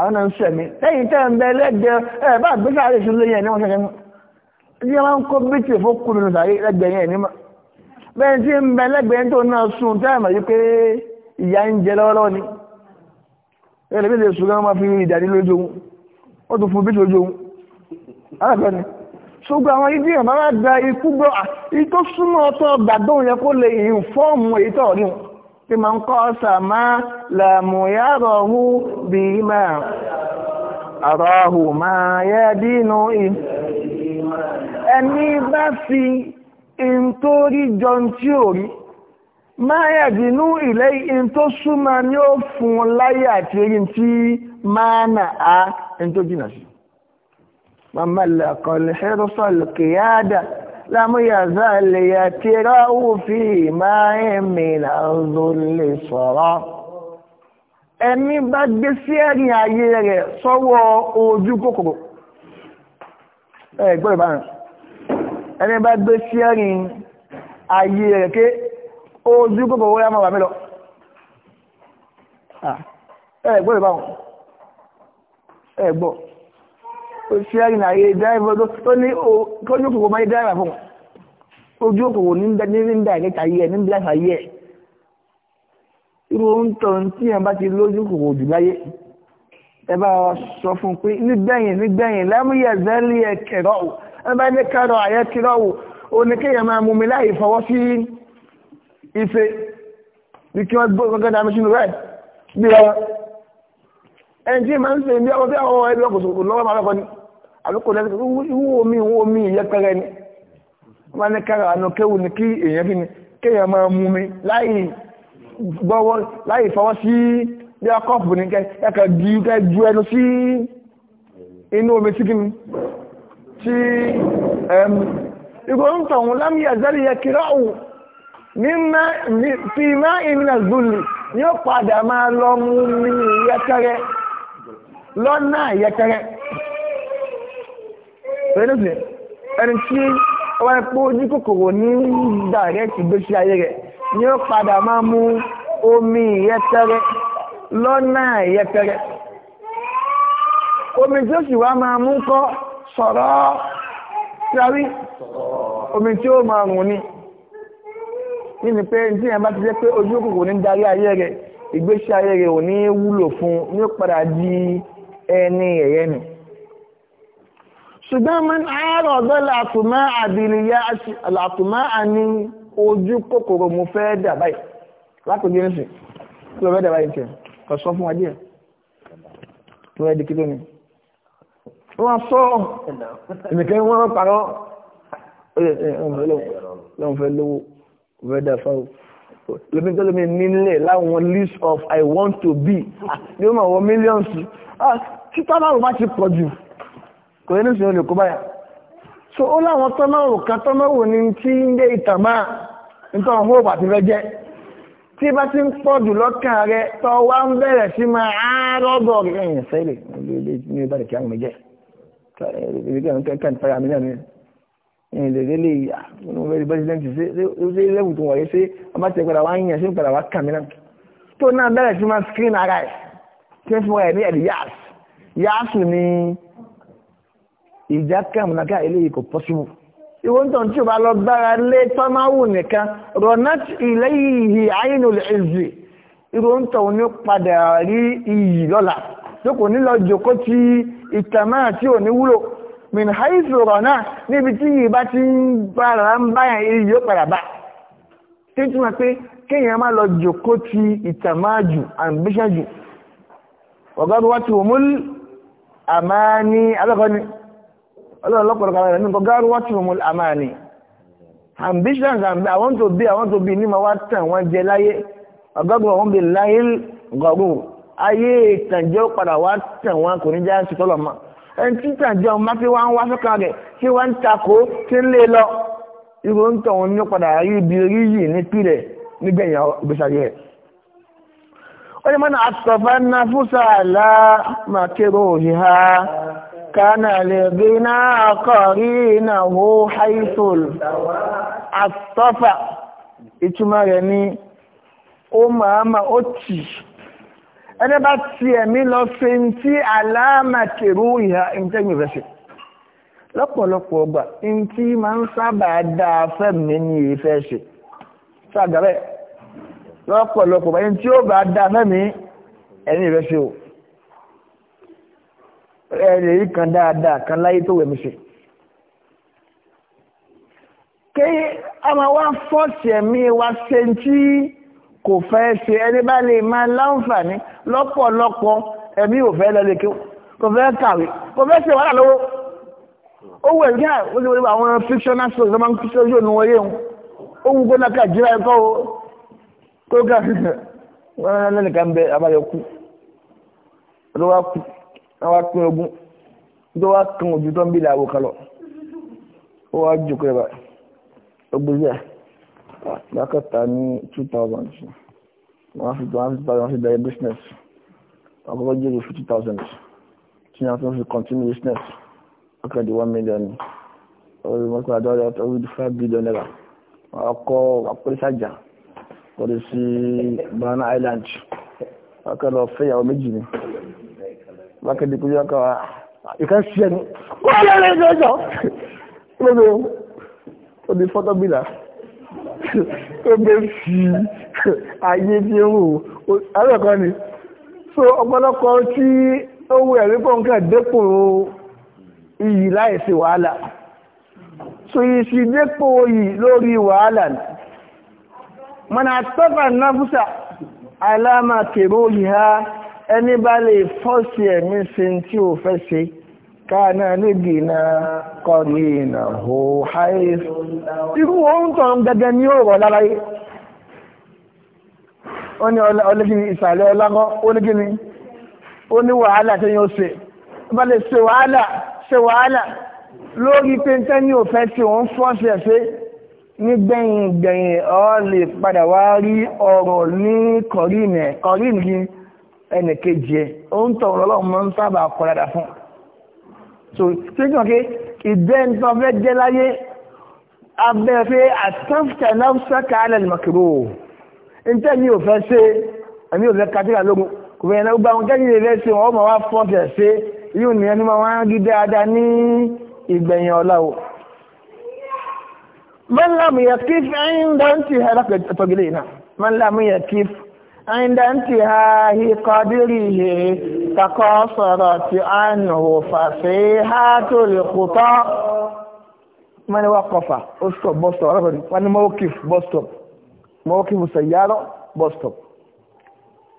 Speaker 1: àwọn náà ń sẹ̀mí lẹ́yìn tẹ́ ń bẹ lẹ́gbẹ́ ẹ̀ bá gbé sáré sí lóyìn ẹni wọ́n ṣẹ̀ṣẹ̀ mú ní wọ́n ń kó bíìtì fún kúrò nù sáré lẹ́gbẹ̀ẹ́ yẹn ní mọ́ bẹ́ẹ̀ tí ń bẹ lẹ́gbẹ̀ẹ́ tó náà sùn tẹ́ẹ̀mọ̀ yí pé ìyá ń jẹ lọ́wọ́lọ́wọ́ ni ẹ̀rẹ́ bíi sùn gan máa fi ìdàdí lójú òun ó tún fún bíìtì lójú òun alábẹ́ ni ṣùgbọ́n àwọn ìdí ẹ̀ máa da ikú gbọ́ tí ma ń kọ́ sàmá làmúyárọ̀hú bí ma àrọ̀hù ma yẹ́ dínú ì ẹni bá fi in tó rí jọ tí ò rí máa yẹ̀ dínú ilé in tó súnmọ́ ni ó fún láyé àti erin tí máa nà á in tó jìnà sí. Màmá lẹ́kọ̀ọ́ lẹ́hẹ́rọ́sọ̀ lẹ́kẹ̀yádà lámúyà zálẹ̀yà tí ráwù fi máa ń mìíràn lólè sọ̀rọ̀ ẹni bá gbé sí ẹ̀rìn ayé rẹ̀ sọ́wọ́ ojú kòkòrò ẹgbẹ́ ìbára ẹni bá gbé sí ẹ̀rìn ayé rẹ̀ ké ojú kòkòrò yá máa wà mí lọ òṣìṣẹ́ ìrìn àyè dáìbò tó ní ojú òkòkò máa dáìbà fún ojú òkòkò ní nígbà ìkẹta yẹ nígbà ìfà yẹ irú oúntọ̀ tí ẹ̀ bá ti lójú òkòkò jù láyé ẹ bá sọ fún pé nígbẹ̀yìn nígbẹ̀yìn lámúyẹ̀ zẹ́lì ẹ̀ kẹ̀rọ̀ ò ẹ bá ní kẹ̀rọ̀ àyẹ́ kẹ̀rọ̀ ò ó ní kéèyàn máa mú mi láì fọwọ́ sí ife bí kí wọ́n gbó gọ́gọ́ dàmí sínú rẹ̀ bí wọn ẹni tí màá ń sè ní ọkọ̀ tí àwọn ẹbí ọkọ̀ lọ́wọ́ máa lọ́kọ̀ ni àbíkò lẹ́sẹ̀ ìwú omi ìwú omi ìyẹ́pẹ̀rẹ́ ni wọ́n máa ní kára àánú kéwù ni kí èèyàn kí ni kéèyàn máa mú mi láì gbọ́wọ́ láì fọwọ́ sí bí akọ́pù ní kẹ́kẹ́ ju kẹ́ ju ẹnu sí inú omi sí kíni tí ìgò ń tọ̀hún lámìyà yẹ kírá òun fi má ìmìnà zùlù ni ó padà máa lọ mú mi ìyẹ́kẹ́rẹ́ lọ́nà ìyẹ́kẹ́rẹ́ pẹ̀lú sí ẹni tí ó wáyé pé ó ní kòkòrò ní dàrẹ́kì gbèsè ayé rẹ̀ ni ó padà máa mú omi ìyẹtẹrẹ lọ́nà ìyẹtẹrẹ omi tí ó sì wá máa mú kọ́ sọ̀rọ̀ sáré omi tí ó máa rùn ni nínú pé tí yẹn bá ti jẹ́ pé ojú kòkòrò ní darí ayé rẹ̀ ìgbésí ayé rẹ̀ ò ní wúlò fún ní ó padà di ẹni ẹ̀yẹ́ nù ṣùgbọ́n mọ́n àárọ̀ bẹ́lá àtùmá àbìlìyà àtùmá àní ojú kòkòrò mo fẹ́ dà báyìí lápòjú ní sìn kí ló fẹ́ dà báyìí tiẹ̀ kò sọ fún wa díẹ̀ tó fẹ́ di kí ló ní. wọ́n sọ ìmìkẹ́ wọ́n parọ́ lọ́n fẹ́ lówó fẹ́ dà fáwọn lómi tó lómi nílẹ̀ láwọn list of i want to be ah, ni mọ̀ wọ millions ah, títà márùn-ún bá ti pọ̀ jù kò yẹ nísìnyí olè kó báyà so ó láwọn tọ́mọ̀wò kan tọ́mọ̀wò ní tí ń dé ìtàmá nítorí ọ̀hún òbá ti fẹ́ jẹ́ tí bá ti ń pọ̀ jù lọ́kàn rẹ tọ́ wá ń bẹ̀rẹ̀ sí máa àárọ̀bọ̀ rẹ̀ ẹ̀yìn sẹ́lẹ̀ ní ìbára kí àwọn méjẹ́ kẹ́kẹ́ nípa àmì náà ẹ̀yìn lè lélẹ̀ ìyá nínú rẹ̀ pẹ́sidẹ́ntì sí lẹ́wù tó wọ̀nyí sí ọba tẹ̀ padà wá ń yàn sí padà wá kàmí náà tó náà bẹ̀rẹ̀ sí máa screen ara ẹ̀ tí wọ́n fi wọ́n ẹ̀ ní ẹ̀dì yáàsù ni ìjákà mùnáká eléyìí kò pọ́símù ìwọ́n tó ń tí ó bá lọ gbára lé tọ́máwù nìkan ronat ilayhi ainul izzi ìwọ́n tó ń padà rí iyì lọ́la tó kò ní lọ jòkó ti ìtàmá tí ò ní wúlò min haizu rọ̀nà níbi tí yìí bá ti ń bára ń báyàn iyì yóò padà bá tí tí wọ́n pé kéèyàn má lọ jòkó ti ìtàmá jù ambition jù ọ̀gá wọ́n ti wò mú àmà ní alákọ̀ọ́ni ọlọ́run lọ́pọ̀lọpọ̀ ara rẹ̀ nínú gọ́gá rú amani. mọ̀mọ́ àmàní ambitions and i want to be i want to be ní ma wá tàn wọ́n jẹ láyé ọgọ́gbọ̀n wọn bè láyé gọ̀gùn ayé ìtànjẹ́ ó padà wá tàn wọ́n kò ní já sí tọ́lọ̀ mọ́ ẹni tí ìtànjẹ́ ọmọ fi wá ń wá sọ́kàn rẹ̀ tí wọ́n ń takò tí ń lé lọ irú ń tàn wọn ní padà ayé ibi orí yìí ní pìlẹ̀ nígbẹ̀yìn ìgbésàyẹ ó ní mọ́nà àtọ̀fẹ́ náà fúnṣà àlá màkérò òhìhá كان لبنا قرينه حيث الصفا ìtumọ̀ rẹ̀ ni ó máa ma ó tì ẹni bá ti ẹ̀mí lọ fi ń tí aláàmàkèrú ìhà ìtẹ́gbẹ̀fẹ́sẹ̀ lọ́pọ̀lọpọ̀ ọgbà ń tí máa ń sábà dáa fẹ́mi ní ìfẹ́ ṣe lọ́pọ̀lọpọ̀ ọgbà ń tí ó bá dáa fẹ́mi ẹ̀mí ìfẹ́ o ẹ̀rẹ̀ kan dáadáa kan láyé tó wẹ̀mí ṣe kí a máa wá fọ́ọ̀sì ẹ̀mí wa ṣe tí kò fẹ́ ṣe ẹni bá lè máa láǹfààní lọ́pọ̀lọpọ̀ ẹ̀mí ò fẹ́ lọ lè kí kò fẹ́ kàwé kò fẹ́ ṣe wàhálà lọ́wọ́ ó wù ẹ̀mí àwọn olùwẹ̀lẹ̀ àwọn fictional stories ọmọ nkúṣe ojú ònú wọlé wọn ó wù gbọ́dọ̀ ká jíra ẹ̀kọ́ o kó ká wọn lẹ́nìkan bẹ abayọkú olówó kú wọ́n wá pín ogún tó wá kan ojú tó ń bí ìlàwó kan lọ ó wá jòkó ẹ̀ báyìí ogún yẹ lákàtà ní two thousand wọ́n fi wọ́n fi báyìí wọ́n fi bẹ̀rẹ̀ business àkọ́kọ́ jèrè fifty thousand tí wọ́n tún fi continue business ọkàn di one million orí wọn kọ́ àdọ́rẹ́ ọ̀tọ́ di five billion naira wọ́n kọ́ àpẹ́sàjà kọ́ sí Banana Island ọkàn lọ fẹ́yàwó méjì ni bákẹ́dì kú yọ kọ́ ìkan ṣe ẹni wọ́n lè lè jọ jọ lóde ó di fọ́tọ́ bìlà tó gbé fi ayé tí ó wù alẹ́kọ́ ni so ọ̀pọ̀lọpọ̀ tí ó wù ẹ̀rí pọ̀ nǹkan dépò iyì láìsí wàhálà so yìí sì dépò iyì lórí wàhálà ni mọ̀nà àtọ́fà náfúsà alámà ha ẹni bá lè fọ́sí ẹ̀mí sí tí ó fẹ́ ṣe káàná níbi iná kọrí ìnà hó haif irú ohun tó ń gẹ́gẹ́ ní òrọ̀ láráyé ó ní ọlẹ́gìní ìsàlẹ̀ ọlágọ́ ó ní gíní ó ní wàhálà tí yóò ṣe bá lè ṣe wàhálà ṣe wàhálà lórí pé ń tẹ́ni ò fẹ́ ṣe òun fọ́sí ẹ̀ ní gbẹ̀yìn gbẹ̀yìn ọ lè padà wá rí ọ̀rọ̀ ní kọrí ìnà kọrí ìnà ẹnì kejì ẹ̀ ó ń tọ̀rọ̀ ọlọ́run máa ń sábà kọ́ fún so síkàn kí ìjẹ́ ń tọ́ fẹ́ jẹ́ láyé abẹ́fẹ́ àtàfẹ́ náà kàálẹ̀ lùmọ̀kìrò níta mi ò fẹ́ ṣe àmì ò fẹ́ kátìrà lógun kò fẹ́ yẹn gbà wọn jẹ́ yìí fẹ́ ṣe wọn ó mọ̀ wá fọ́ọ̀tẹ̀ ṣe yóò ní ẹni máa wá rí dáadáa ní ìgbẹ̀yìn ọ̀la o. mọ́nlámù yẹ kí fẹ́ ń dán ti ẹ̀rọ عند انتهاء قدره تقاصرت عنه فصيحة الخطى من وقف استوب بوستوب وانا موقف بوستوب موقف سيارة بوستوب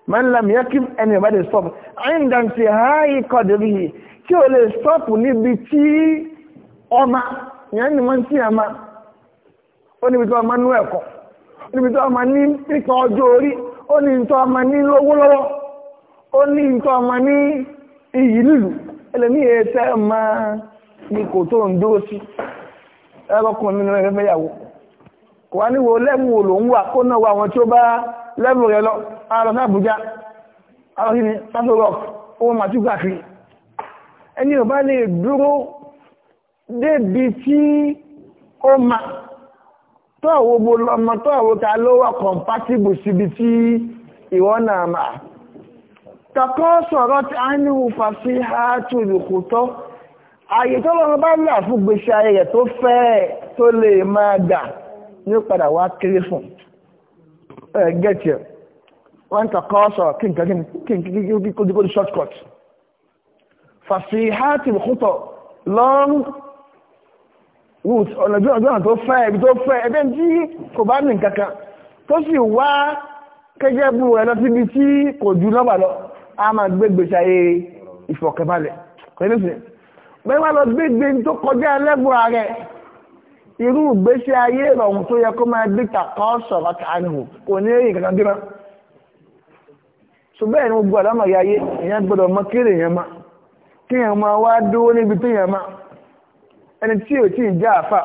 Speaker 1: من لم يقف أن يبدأ stop عند انتهاء قدره kí o lè stop níbi tí ọmọ ìyẹn ni wọ́n tí a máa ó níbi tí ó ní ìtọ́ ọmọ ní lówó lọ́wọ́ ó ní ìtọ́ ọmọ ní iyì lílù ẹlẹ́mí ètẹ́ ọmọ ní kò tó ń dúró sí ẹlọ́kùnrin nínú ẹgbẹ́ fẹ́yàwó kò wá níwò lẹ́mù wò ló ń ni sáfẹ́ rock owó màtúgbà fi ẹni ò lè dúró débi tí ó máa tó gbogbo lọ́mọ tó àwòta ló wà compatible síbi tí ìwọ náà mà tàkọ́ sọ̀rọ̀ tí a ní ufa sí ha tó lùkùtọ́ ààyè tó lọ́mọ bá là fún gbèsè ayé rẹ̀ tó fẹ́ tó lè máa gbà ní padà wá kéré fún ẹ gẹ́tì ẹ̀ wọ́n tàkọ́ sọ̀rọ̀ kí nǹkan kí nǹkan kí kó dúró short cut fàṣíhá tìlùkùtọ̀ long route ọ̀nà bí ọ̀nà tó fẹ́ ibi tó fẹ́ ẹgbẹ́ tí kò bá ní kankan tó sì wá kẹ́jẹ́ bú ẹ lọ síbi tí kò ju nọ́bà lọ a máa gbé gbèsè ayé ìfọ̀kẹ́balẹ̀ pẹ̀lú sí bẹ́ẹ̀ wá lọ gbé gbé tó kọjá lẹ́gbọ̀n ààrẹ irú ìgbésí ayé ìrọ̀rùn tó yẹ kó máa gbé tàkọ́ sọ̀rọ̀ tàánù kò ní èyí kankan dúró ṣùgbọ́n ẹni ẹni tí ò tí ì jẹ́ àfà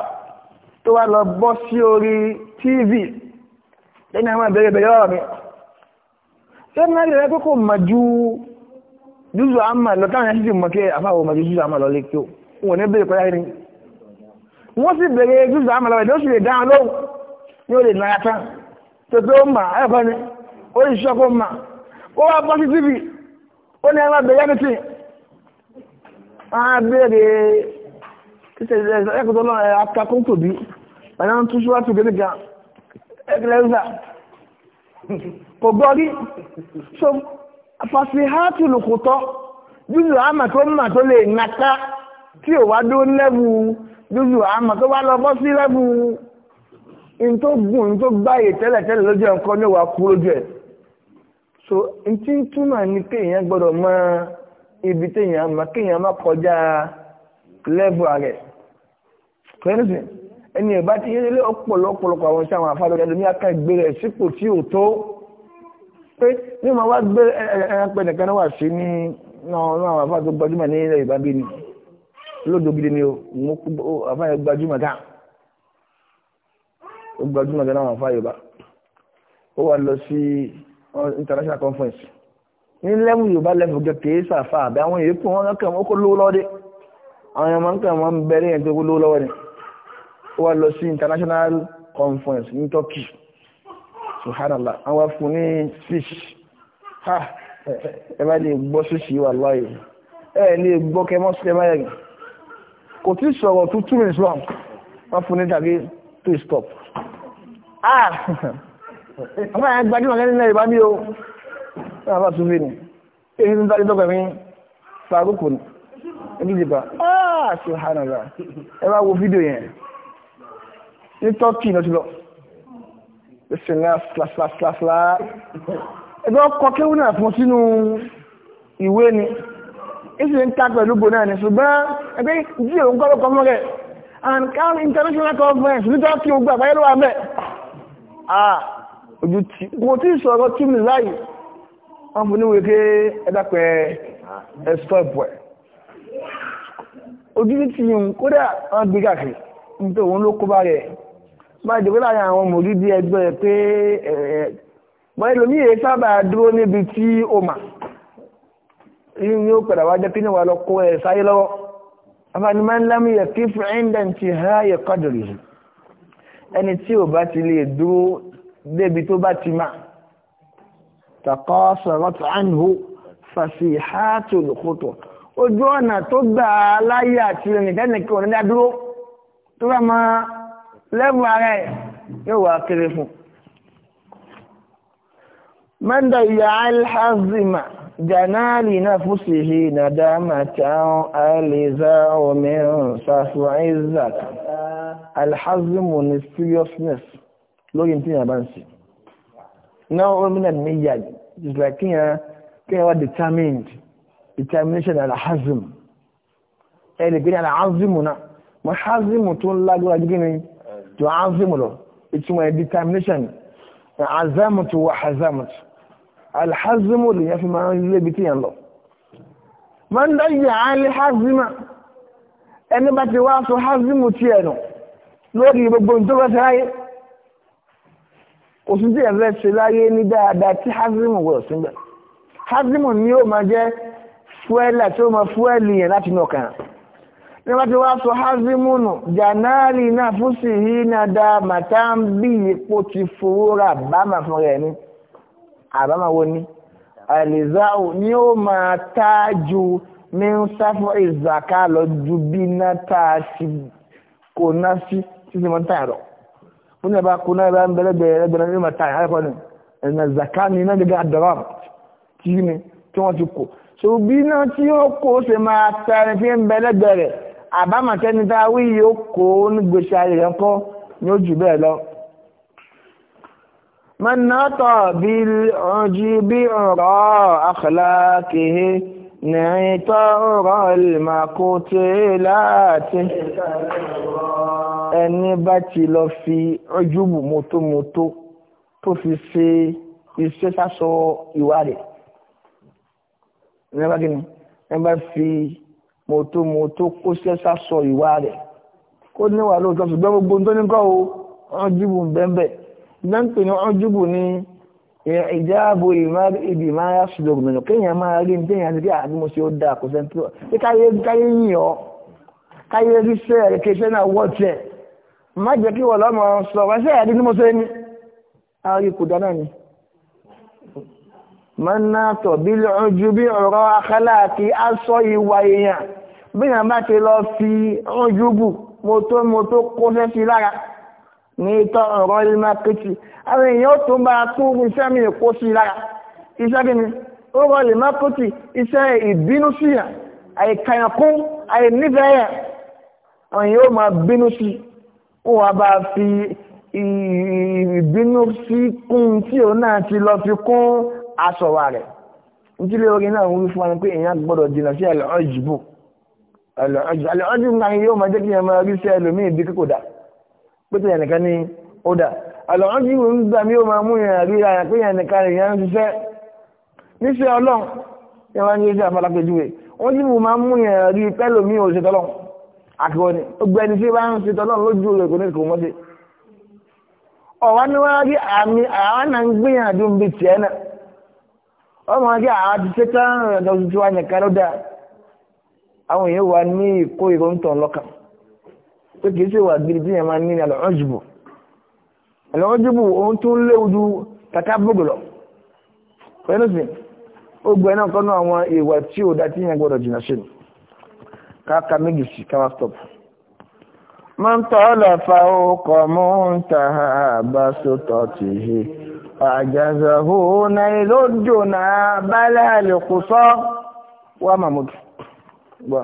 Speaker 1: tó wá lọ bọ́ sí orí tv lẹ́yìn àwọn ìbẹ̀rẹ̀ ìbẹ̀rẹ̀ ọ̀rọ̀ mi ṣé ní láti rẹ pé kò mọ̀ ju júzù àmà lọ táwọn ẹ̀sìn ti mọ̀ kí àfà ò mọ̀ ju júzù àmà lọ lé kí ó wọn ní bèrè pẹ́lá ẹni wọ́n sì bèrè júzù àmà lọ ìdó sì lè dáhùn lóhùn ní ó lè nára tán tó pé ó mà ẹ̀kọ́ ni ó lè ṣọ́ kó mà ó wá bọ́ sí tv ó ní ẹ̀rọ bèrè ẹni tì á bèrè ẹ̀kọ́tọ́ náà ẹ̀ atakún tòbí ẹ̀yà ń tún ṣúwá tòbí so fasihatu lùkùtọ́ jújù àmà tó mà tó lè nàka tí ò wá dó lẹ́bù jújù àmà tó wá lọ bọ́ sí lẹ́bù so n tí ń túmọ̀ ní kéèyàn gbọ́dọ̀ mọ ibi téèyàn mọ kéèyàn kẹ́rìsìn ẹni ẹ̀bá ti yé lé ọ̀pọ̀lọpọ̀lọpọ̀ àwọn iṣẹ́ àwọn afárẹ́ ẹlòmí aka ìgbé rẹ̀ sípò tí ò tó pé ní ma wá gbé ẹranpẹ nìkan wà sí ní náà àwọn afárẹ́ tó gbajúmọ̀ ní ilẹ̀ Yorùbá bí ni lódò ni o afárẹ́ gbajúmọ̀ dáa international conference ní lẹ́wù Yorùbá lẹ́fù gẹ kìí sàfà àbẹ àwọn èèkù wọn kàn ó kó lówó lọ́wọ́ ó wá lọ sí international conference ní Turkey subhanallah àwọn afun ní fish ha ẹ bá lè gbọ́ ṣíṣì wà láàyè ẹ lè gbọ́ kẹmọ́ sí ẹmọ́ ẹ̀gìn kò tí sọ̀rọ̀ tó two minutes long wọ́n fún ní tàbí three stop ah àwọn àyàn gbajúmọ̀ lẹ́nu náà ìbá ní o wọ́n bá tún fi ní èyí tó ń dájú tọ́gbà mi fàákùkù ní ìdíjìbá ah subhanallah ẹ bá wo fídíò yẹn ní turkey náà ti lọ ìsìnlá ẹgbẹ́ ọkọ̀ kéwú náà fún sínú ìwé ni ìsìn ń ta pẹ̀lú bò náà ni ṣùgbọ́n ẹgbẹ́ ìdí òun kọ́ ló mọ́rẹ̀ and count international conference ní turkey ogun àgbáyé mẹ́ ah ojú tí mo ti sọ̀rọ̀ tí mi láyìí wọ́n fún ní wèké ẹ̀dàpẹ̀ ẹ̀sọ́ ìpọ̀ ẹ̀ ojú tí yìí kódà wọ́n gbé kàkiri nítorí òun ló kó bá rẹ̀ máa dìbò láàrin àwọn mòrídìí ẹgbẹ́ rẹ̀ pé bọ́ ẹlòmíì èyí sábà dúró níbi tí o mà yìí ni ó padà wá jẹ́ pínlẹ̀ wa lọ kó ẹ̀ sáyé lọ́wọ́ afanimáńlámù yẹ kí fún ẹ̀ńdẹ̀ǹtì ha yẹ kọ́dùrì ẹni tí ò bá ti lè dúró débi tó bá ti máa tàkọ́ sọ̀rọ̀ tàánù fàṣìhátù lòkótò ojú ọ̀nà tó gbà láyé àti ẹnìkẹ́nìkẹ́ òní dádúró tó bá máa lẹ́mú ara ẹ̀ yóò wá kéré fún. mẹ́ndà ìyá alhazima jànáàlì náà fúsì hì nàdámà táwọn àìlèzá omi ṣàfù isaac alhazimu ni seriousness lórí tí yàrá bá ń sè náà omínà níyà is like kíyàn kíyàn wá determined determination alhazim ẹ̀ lè gbé ní alhazimu náà mọ̀ hazimu tó ń lágbára gígbé ni tuazimu lọ ìtumọ̀ ẹ̀ determination azamutu wa hazamutu alhazimu lè fi máa ń lébi lọ. máa ń dájú àálẹ́ hazima ẹni ti wá sọ hazimu tiẹ̀ nù lórí gbogbo nítorí sáyé òsùn tí ẹ̀fẹ́ ṣe láyé ní hazimu ni nígbà tí wọ́n sọ hazimunu janari náà fún sí yìí náà dá màtá ń bí ipò ti fowó ra bámà fún rẹ̀ ní àbámà wo ni alizau ni ó máa tájú ní sáfọ́ ìzàká lọ ju bí náà tá a sì kò ná sí títí mọ́ táyà rọ̀ fún ní kò náà ẹ̀bá ń bẹ̀rẹ̀ ní mọ́ táyà ayẹ́kọ́ ni ẹ̀nà zàká ni iná gẹ́gẹ́ àdàrà tí wọ́n ti kò so bí náà tí ó kó ṣe máa tẹ́rin fi ń bẹ̀rẹ̀ àbámọ̀tẹ́ni tá a wí yìí ó kó onígbèsè ayé ẹ̀kọ́ ni ó jù bẹ́ẹ̀ lọ. mọ̀nàtọ̀ bí ọjí bí ọ̀rọ̀ àkàlákèé nìtọ́ ọ̀rọ̀ ìlmàkóté láti ẹni bá ti lọ fi ojú bù mọ́tòmọ́tò tó fi ṣe iṣẹ́ sásọ ìwà rẹ̀ ẹni bá fi mo tó mo tó kó sẹ́sà sọ ìwà rẹ̀ kó níwà lóòótọ́ ṣùgbọ́n gbogbo tó ní kọ́ o wọ́n jùbù bẹ́ẹ̀ iná ń pè ní wọ́n jùbù ní ìjáàbò ìbí máa yá ṣùgbọ́n gbogbo kéèyàn máa rí ní téèyàn ti àbí mo ṣe ó dáa kò sẹ́ni tó kí káyé káyé yìn ọ́ káyé rí sẹ́ẹ̀ rẹ̀ kí iṣẹ́ náà wọ́ tiẹ̀ má jẹ́ kí wọ́n lọ́mọ sọ wá sẹ́ẹ̀ rí mo ṣe ní àwọn ikùdá náà ni mọ́nàtọ̀ bí lọ́jú bí ọ̀rọ̀ akálàkí aṣọ ìwà èèyàn bí yàn bá ti lọ fi rọ́jú bù mọ́tò mọ́tò kó fẹ́ sí lára ní ìtọ́ ọ̀rọ̀ ilmá kìtì àwọn èèyàn ó tún bá túrú iṣẹ́ mi kó sí lára iṣẹ́ kí ni ó rọ ilmá kìtì iṣẹ́ ìbínú sí yàn àìkàyànkún àìnífẹ̀ẹ́ yàn àwọn èèyàn ó máa bínú sí ó wàá bá fi ìbínú sí kún tí òun náà ti lọ fi kún aṣọ wa rẹ̀ nítorí orin náà wí fún wa pé èèyàn gbọ́dọ̀ dènà sí ẹ̀lọ́jìbù ẹ̀lọ́jìbù náà yóò máa jẹ́ kí ẹ̀mọ rí sí ẹlòmíì bí kíkò dà pé tó yẹnìkan ní ó dà ẹ̀lọ́jìbù ń gbà mí ó máa mú yẹn rí ara pé yẹn ń ṣiṣẹ́ níṣẹ́ ọlọ́run yẹn máa ń wọ́n máa mú yẹn rí pẹ́lòmíì ò ni ọmọ ajé àti tẹ́tàn ọ̀dọ̀ tuntun wa nìkan ló dáa àwọn èèyàn wà ní ìkó ìró ń tàn lọ́kàn tó kìí ṣe wà gidi tí yẹn máa ní àlọ́jùbù àlọ́jùbù òun tún léwu ju kàkà bògò lọ pẹ̀lú sí ó gbọ́ iná kọ́nú àwọn ìwà tí ò dá tí yẹn gbọ́dọ̀ jìnnà ṣe ni káàkà méjì sí káwá stop. mọ́ńtọ́ lọ́fà ó kọ́ mú ń ta àbá sótọ́ tì í àjàzàhó náírà jòna bálẹ̀ àlèkùsọ́ wà mahmud gbọ́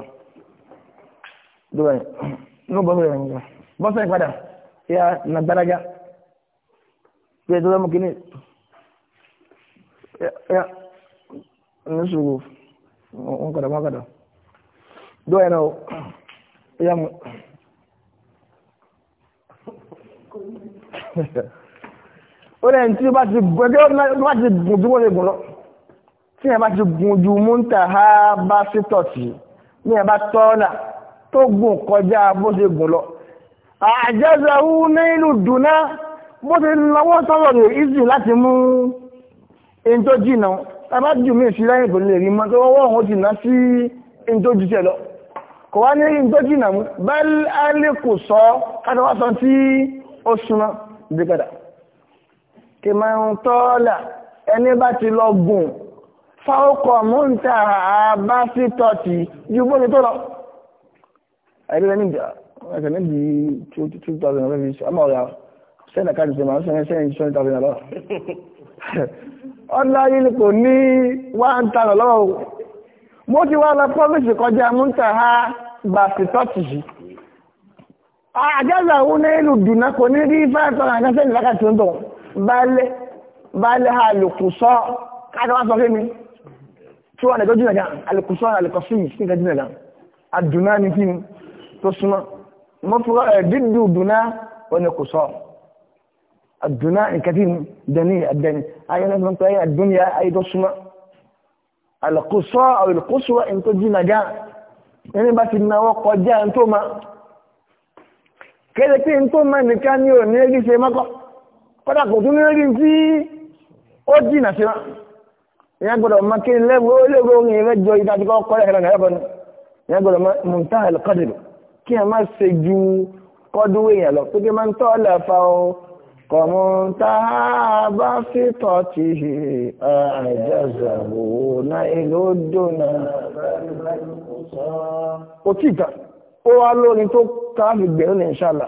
Speaker 1: dúbẹ̀ ní bọ́sẹ̀ yẹn gbọ́ bọ́sẹ̀ padà yà nà gbádájá pé tó lọ́mú kínní yà ní sùgbù wọn kọ̀dọ̀ wọn kọ̀dọ̀ dúbẹ̀ náà yà mú ó lẹ́yìn tí ó bá ti gùn ẹgbẹ́ ó bá ti gùn ju wọ́n lè gùn lọ tí ẹ bá ti gùn ju múntà ha bá sí tọ̀tì ní ẹ bá tọ́nà tó gùn kọjá bó ṣe gùn lọ àjẹsàwú nílù dùnà bó ti lọ́wọ́ sọ̀rọ̀ rẹ̀ ìzù láti mú ẹni tó jìnà tàbá jù mí sí lẹ́yìn kò lè rí mọ́ tó wọ́n òun jìnà sí ẹni tó jù tẹ̀ lọ kò wá ní ẹni tó jìnà mú bẹ́ẹ̀ alẹ́ kò sọ káàdọ̀ kìmọ̀rún tọ́ọ̀là ẹni bá ti lọ gùn fáwọ́kọ̀ múntà bá sí tọ́tì ju bóni tó lọ. ẹ̀rọ ní ẹ̀sẹ̀ níbi two thousand ọ̀rẹ́ mi ọmọ ọ̀rẹ́ sẹ́ńdà káàdì sẹ́ńdà sẹ́ńdà sẹ́ńdà twenty thousand ọ̀rọ̀. ọ̀la yìí kò ní one thousand lọ́wọ́ mo ti wá lọ pọ́lísì kọjá múntà bá sí tọ́tì yìí àjẹ́sà òun ní ìlú dùnà kò ní rí five thousand kásẹ̀ nílákàtúntò. baálé baálé ha alùkùsọ́ káàkiri wá sọ fún mi tí wọ́n lẹ́gbẹ́ jùlọ gan alùkùsọ́ alùkọ́sí yìí sí gan àdùnà kí ni tó súnmọ́ mo fọwọ́ ẹ̀ dídú dùnà wọn kò sọ àdùnà nǹkan tí dani àdání ayé náà fún pé àdùnà ayé tó súnmọ́ alùkùsọ́ alùkùsọ́ ẹ̀ tó gan ẹni bá ti náwó kọjá ẹ̀ kéde pé ni ò ní ẹgbẹ́ kọ́dà kò tún rí tí ó jìnà sí wọn ìyá gbọ́dọ̀ máa kí lẹ́wọ́ olóògbé orin rẹ̀ jọ ìdá tí kọ́ kọ́lẹ̀ ẹ̀rọ ẹ̀rọ ni ìyá gbọ́dọ̀ máa mùtá ẹ̀lọ́kọ́dìrò kí a máa ṣe ju kọ́dún èèyàn lọ pé kí máa ń tọ́ lẹ́fà o kọ̀mù tá a bá fi tọ́ ti ṣe àjẹsà wò ná ìlú dùnà. kò tí ì ta ó wá lórí tó káfí gbẹ̀rún ní ìṣàlà.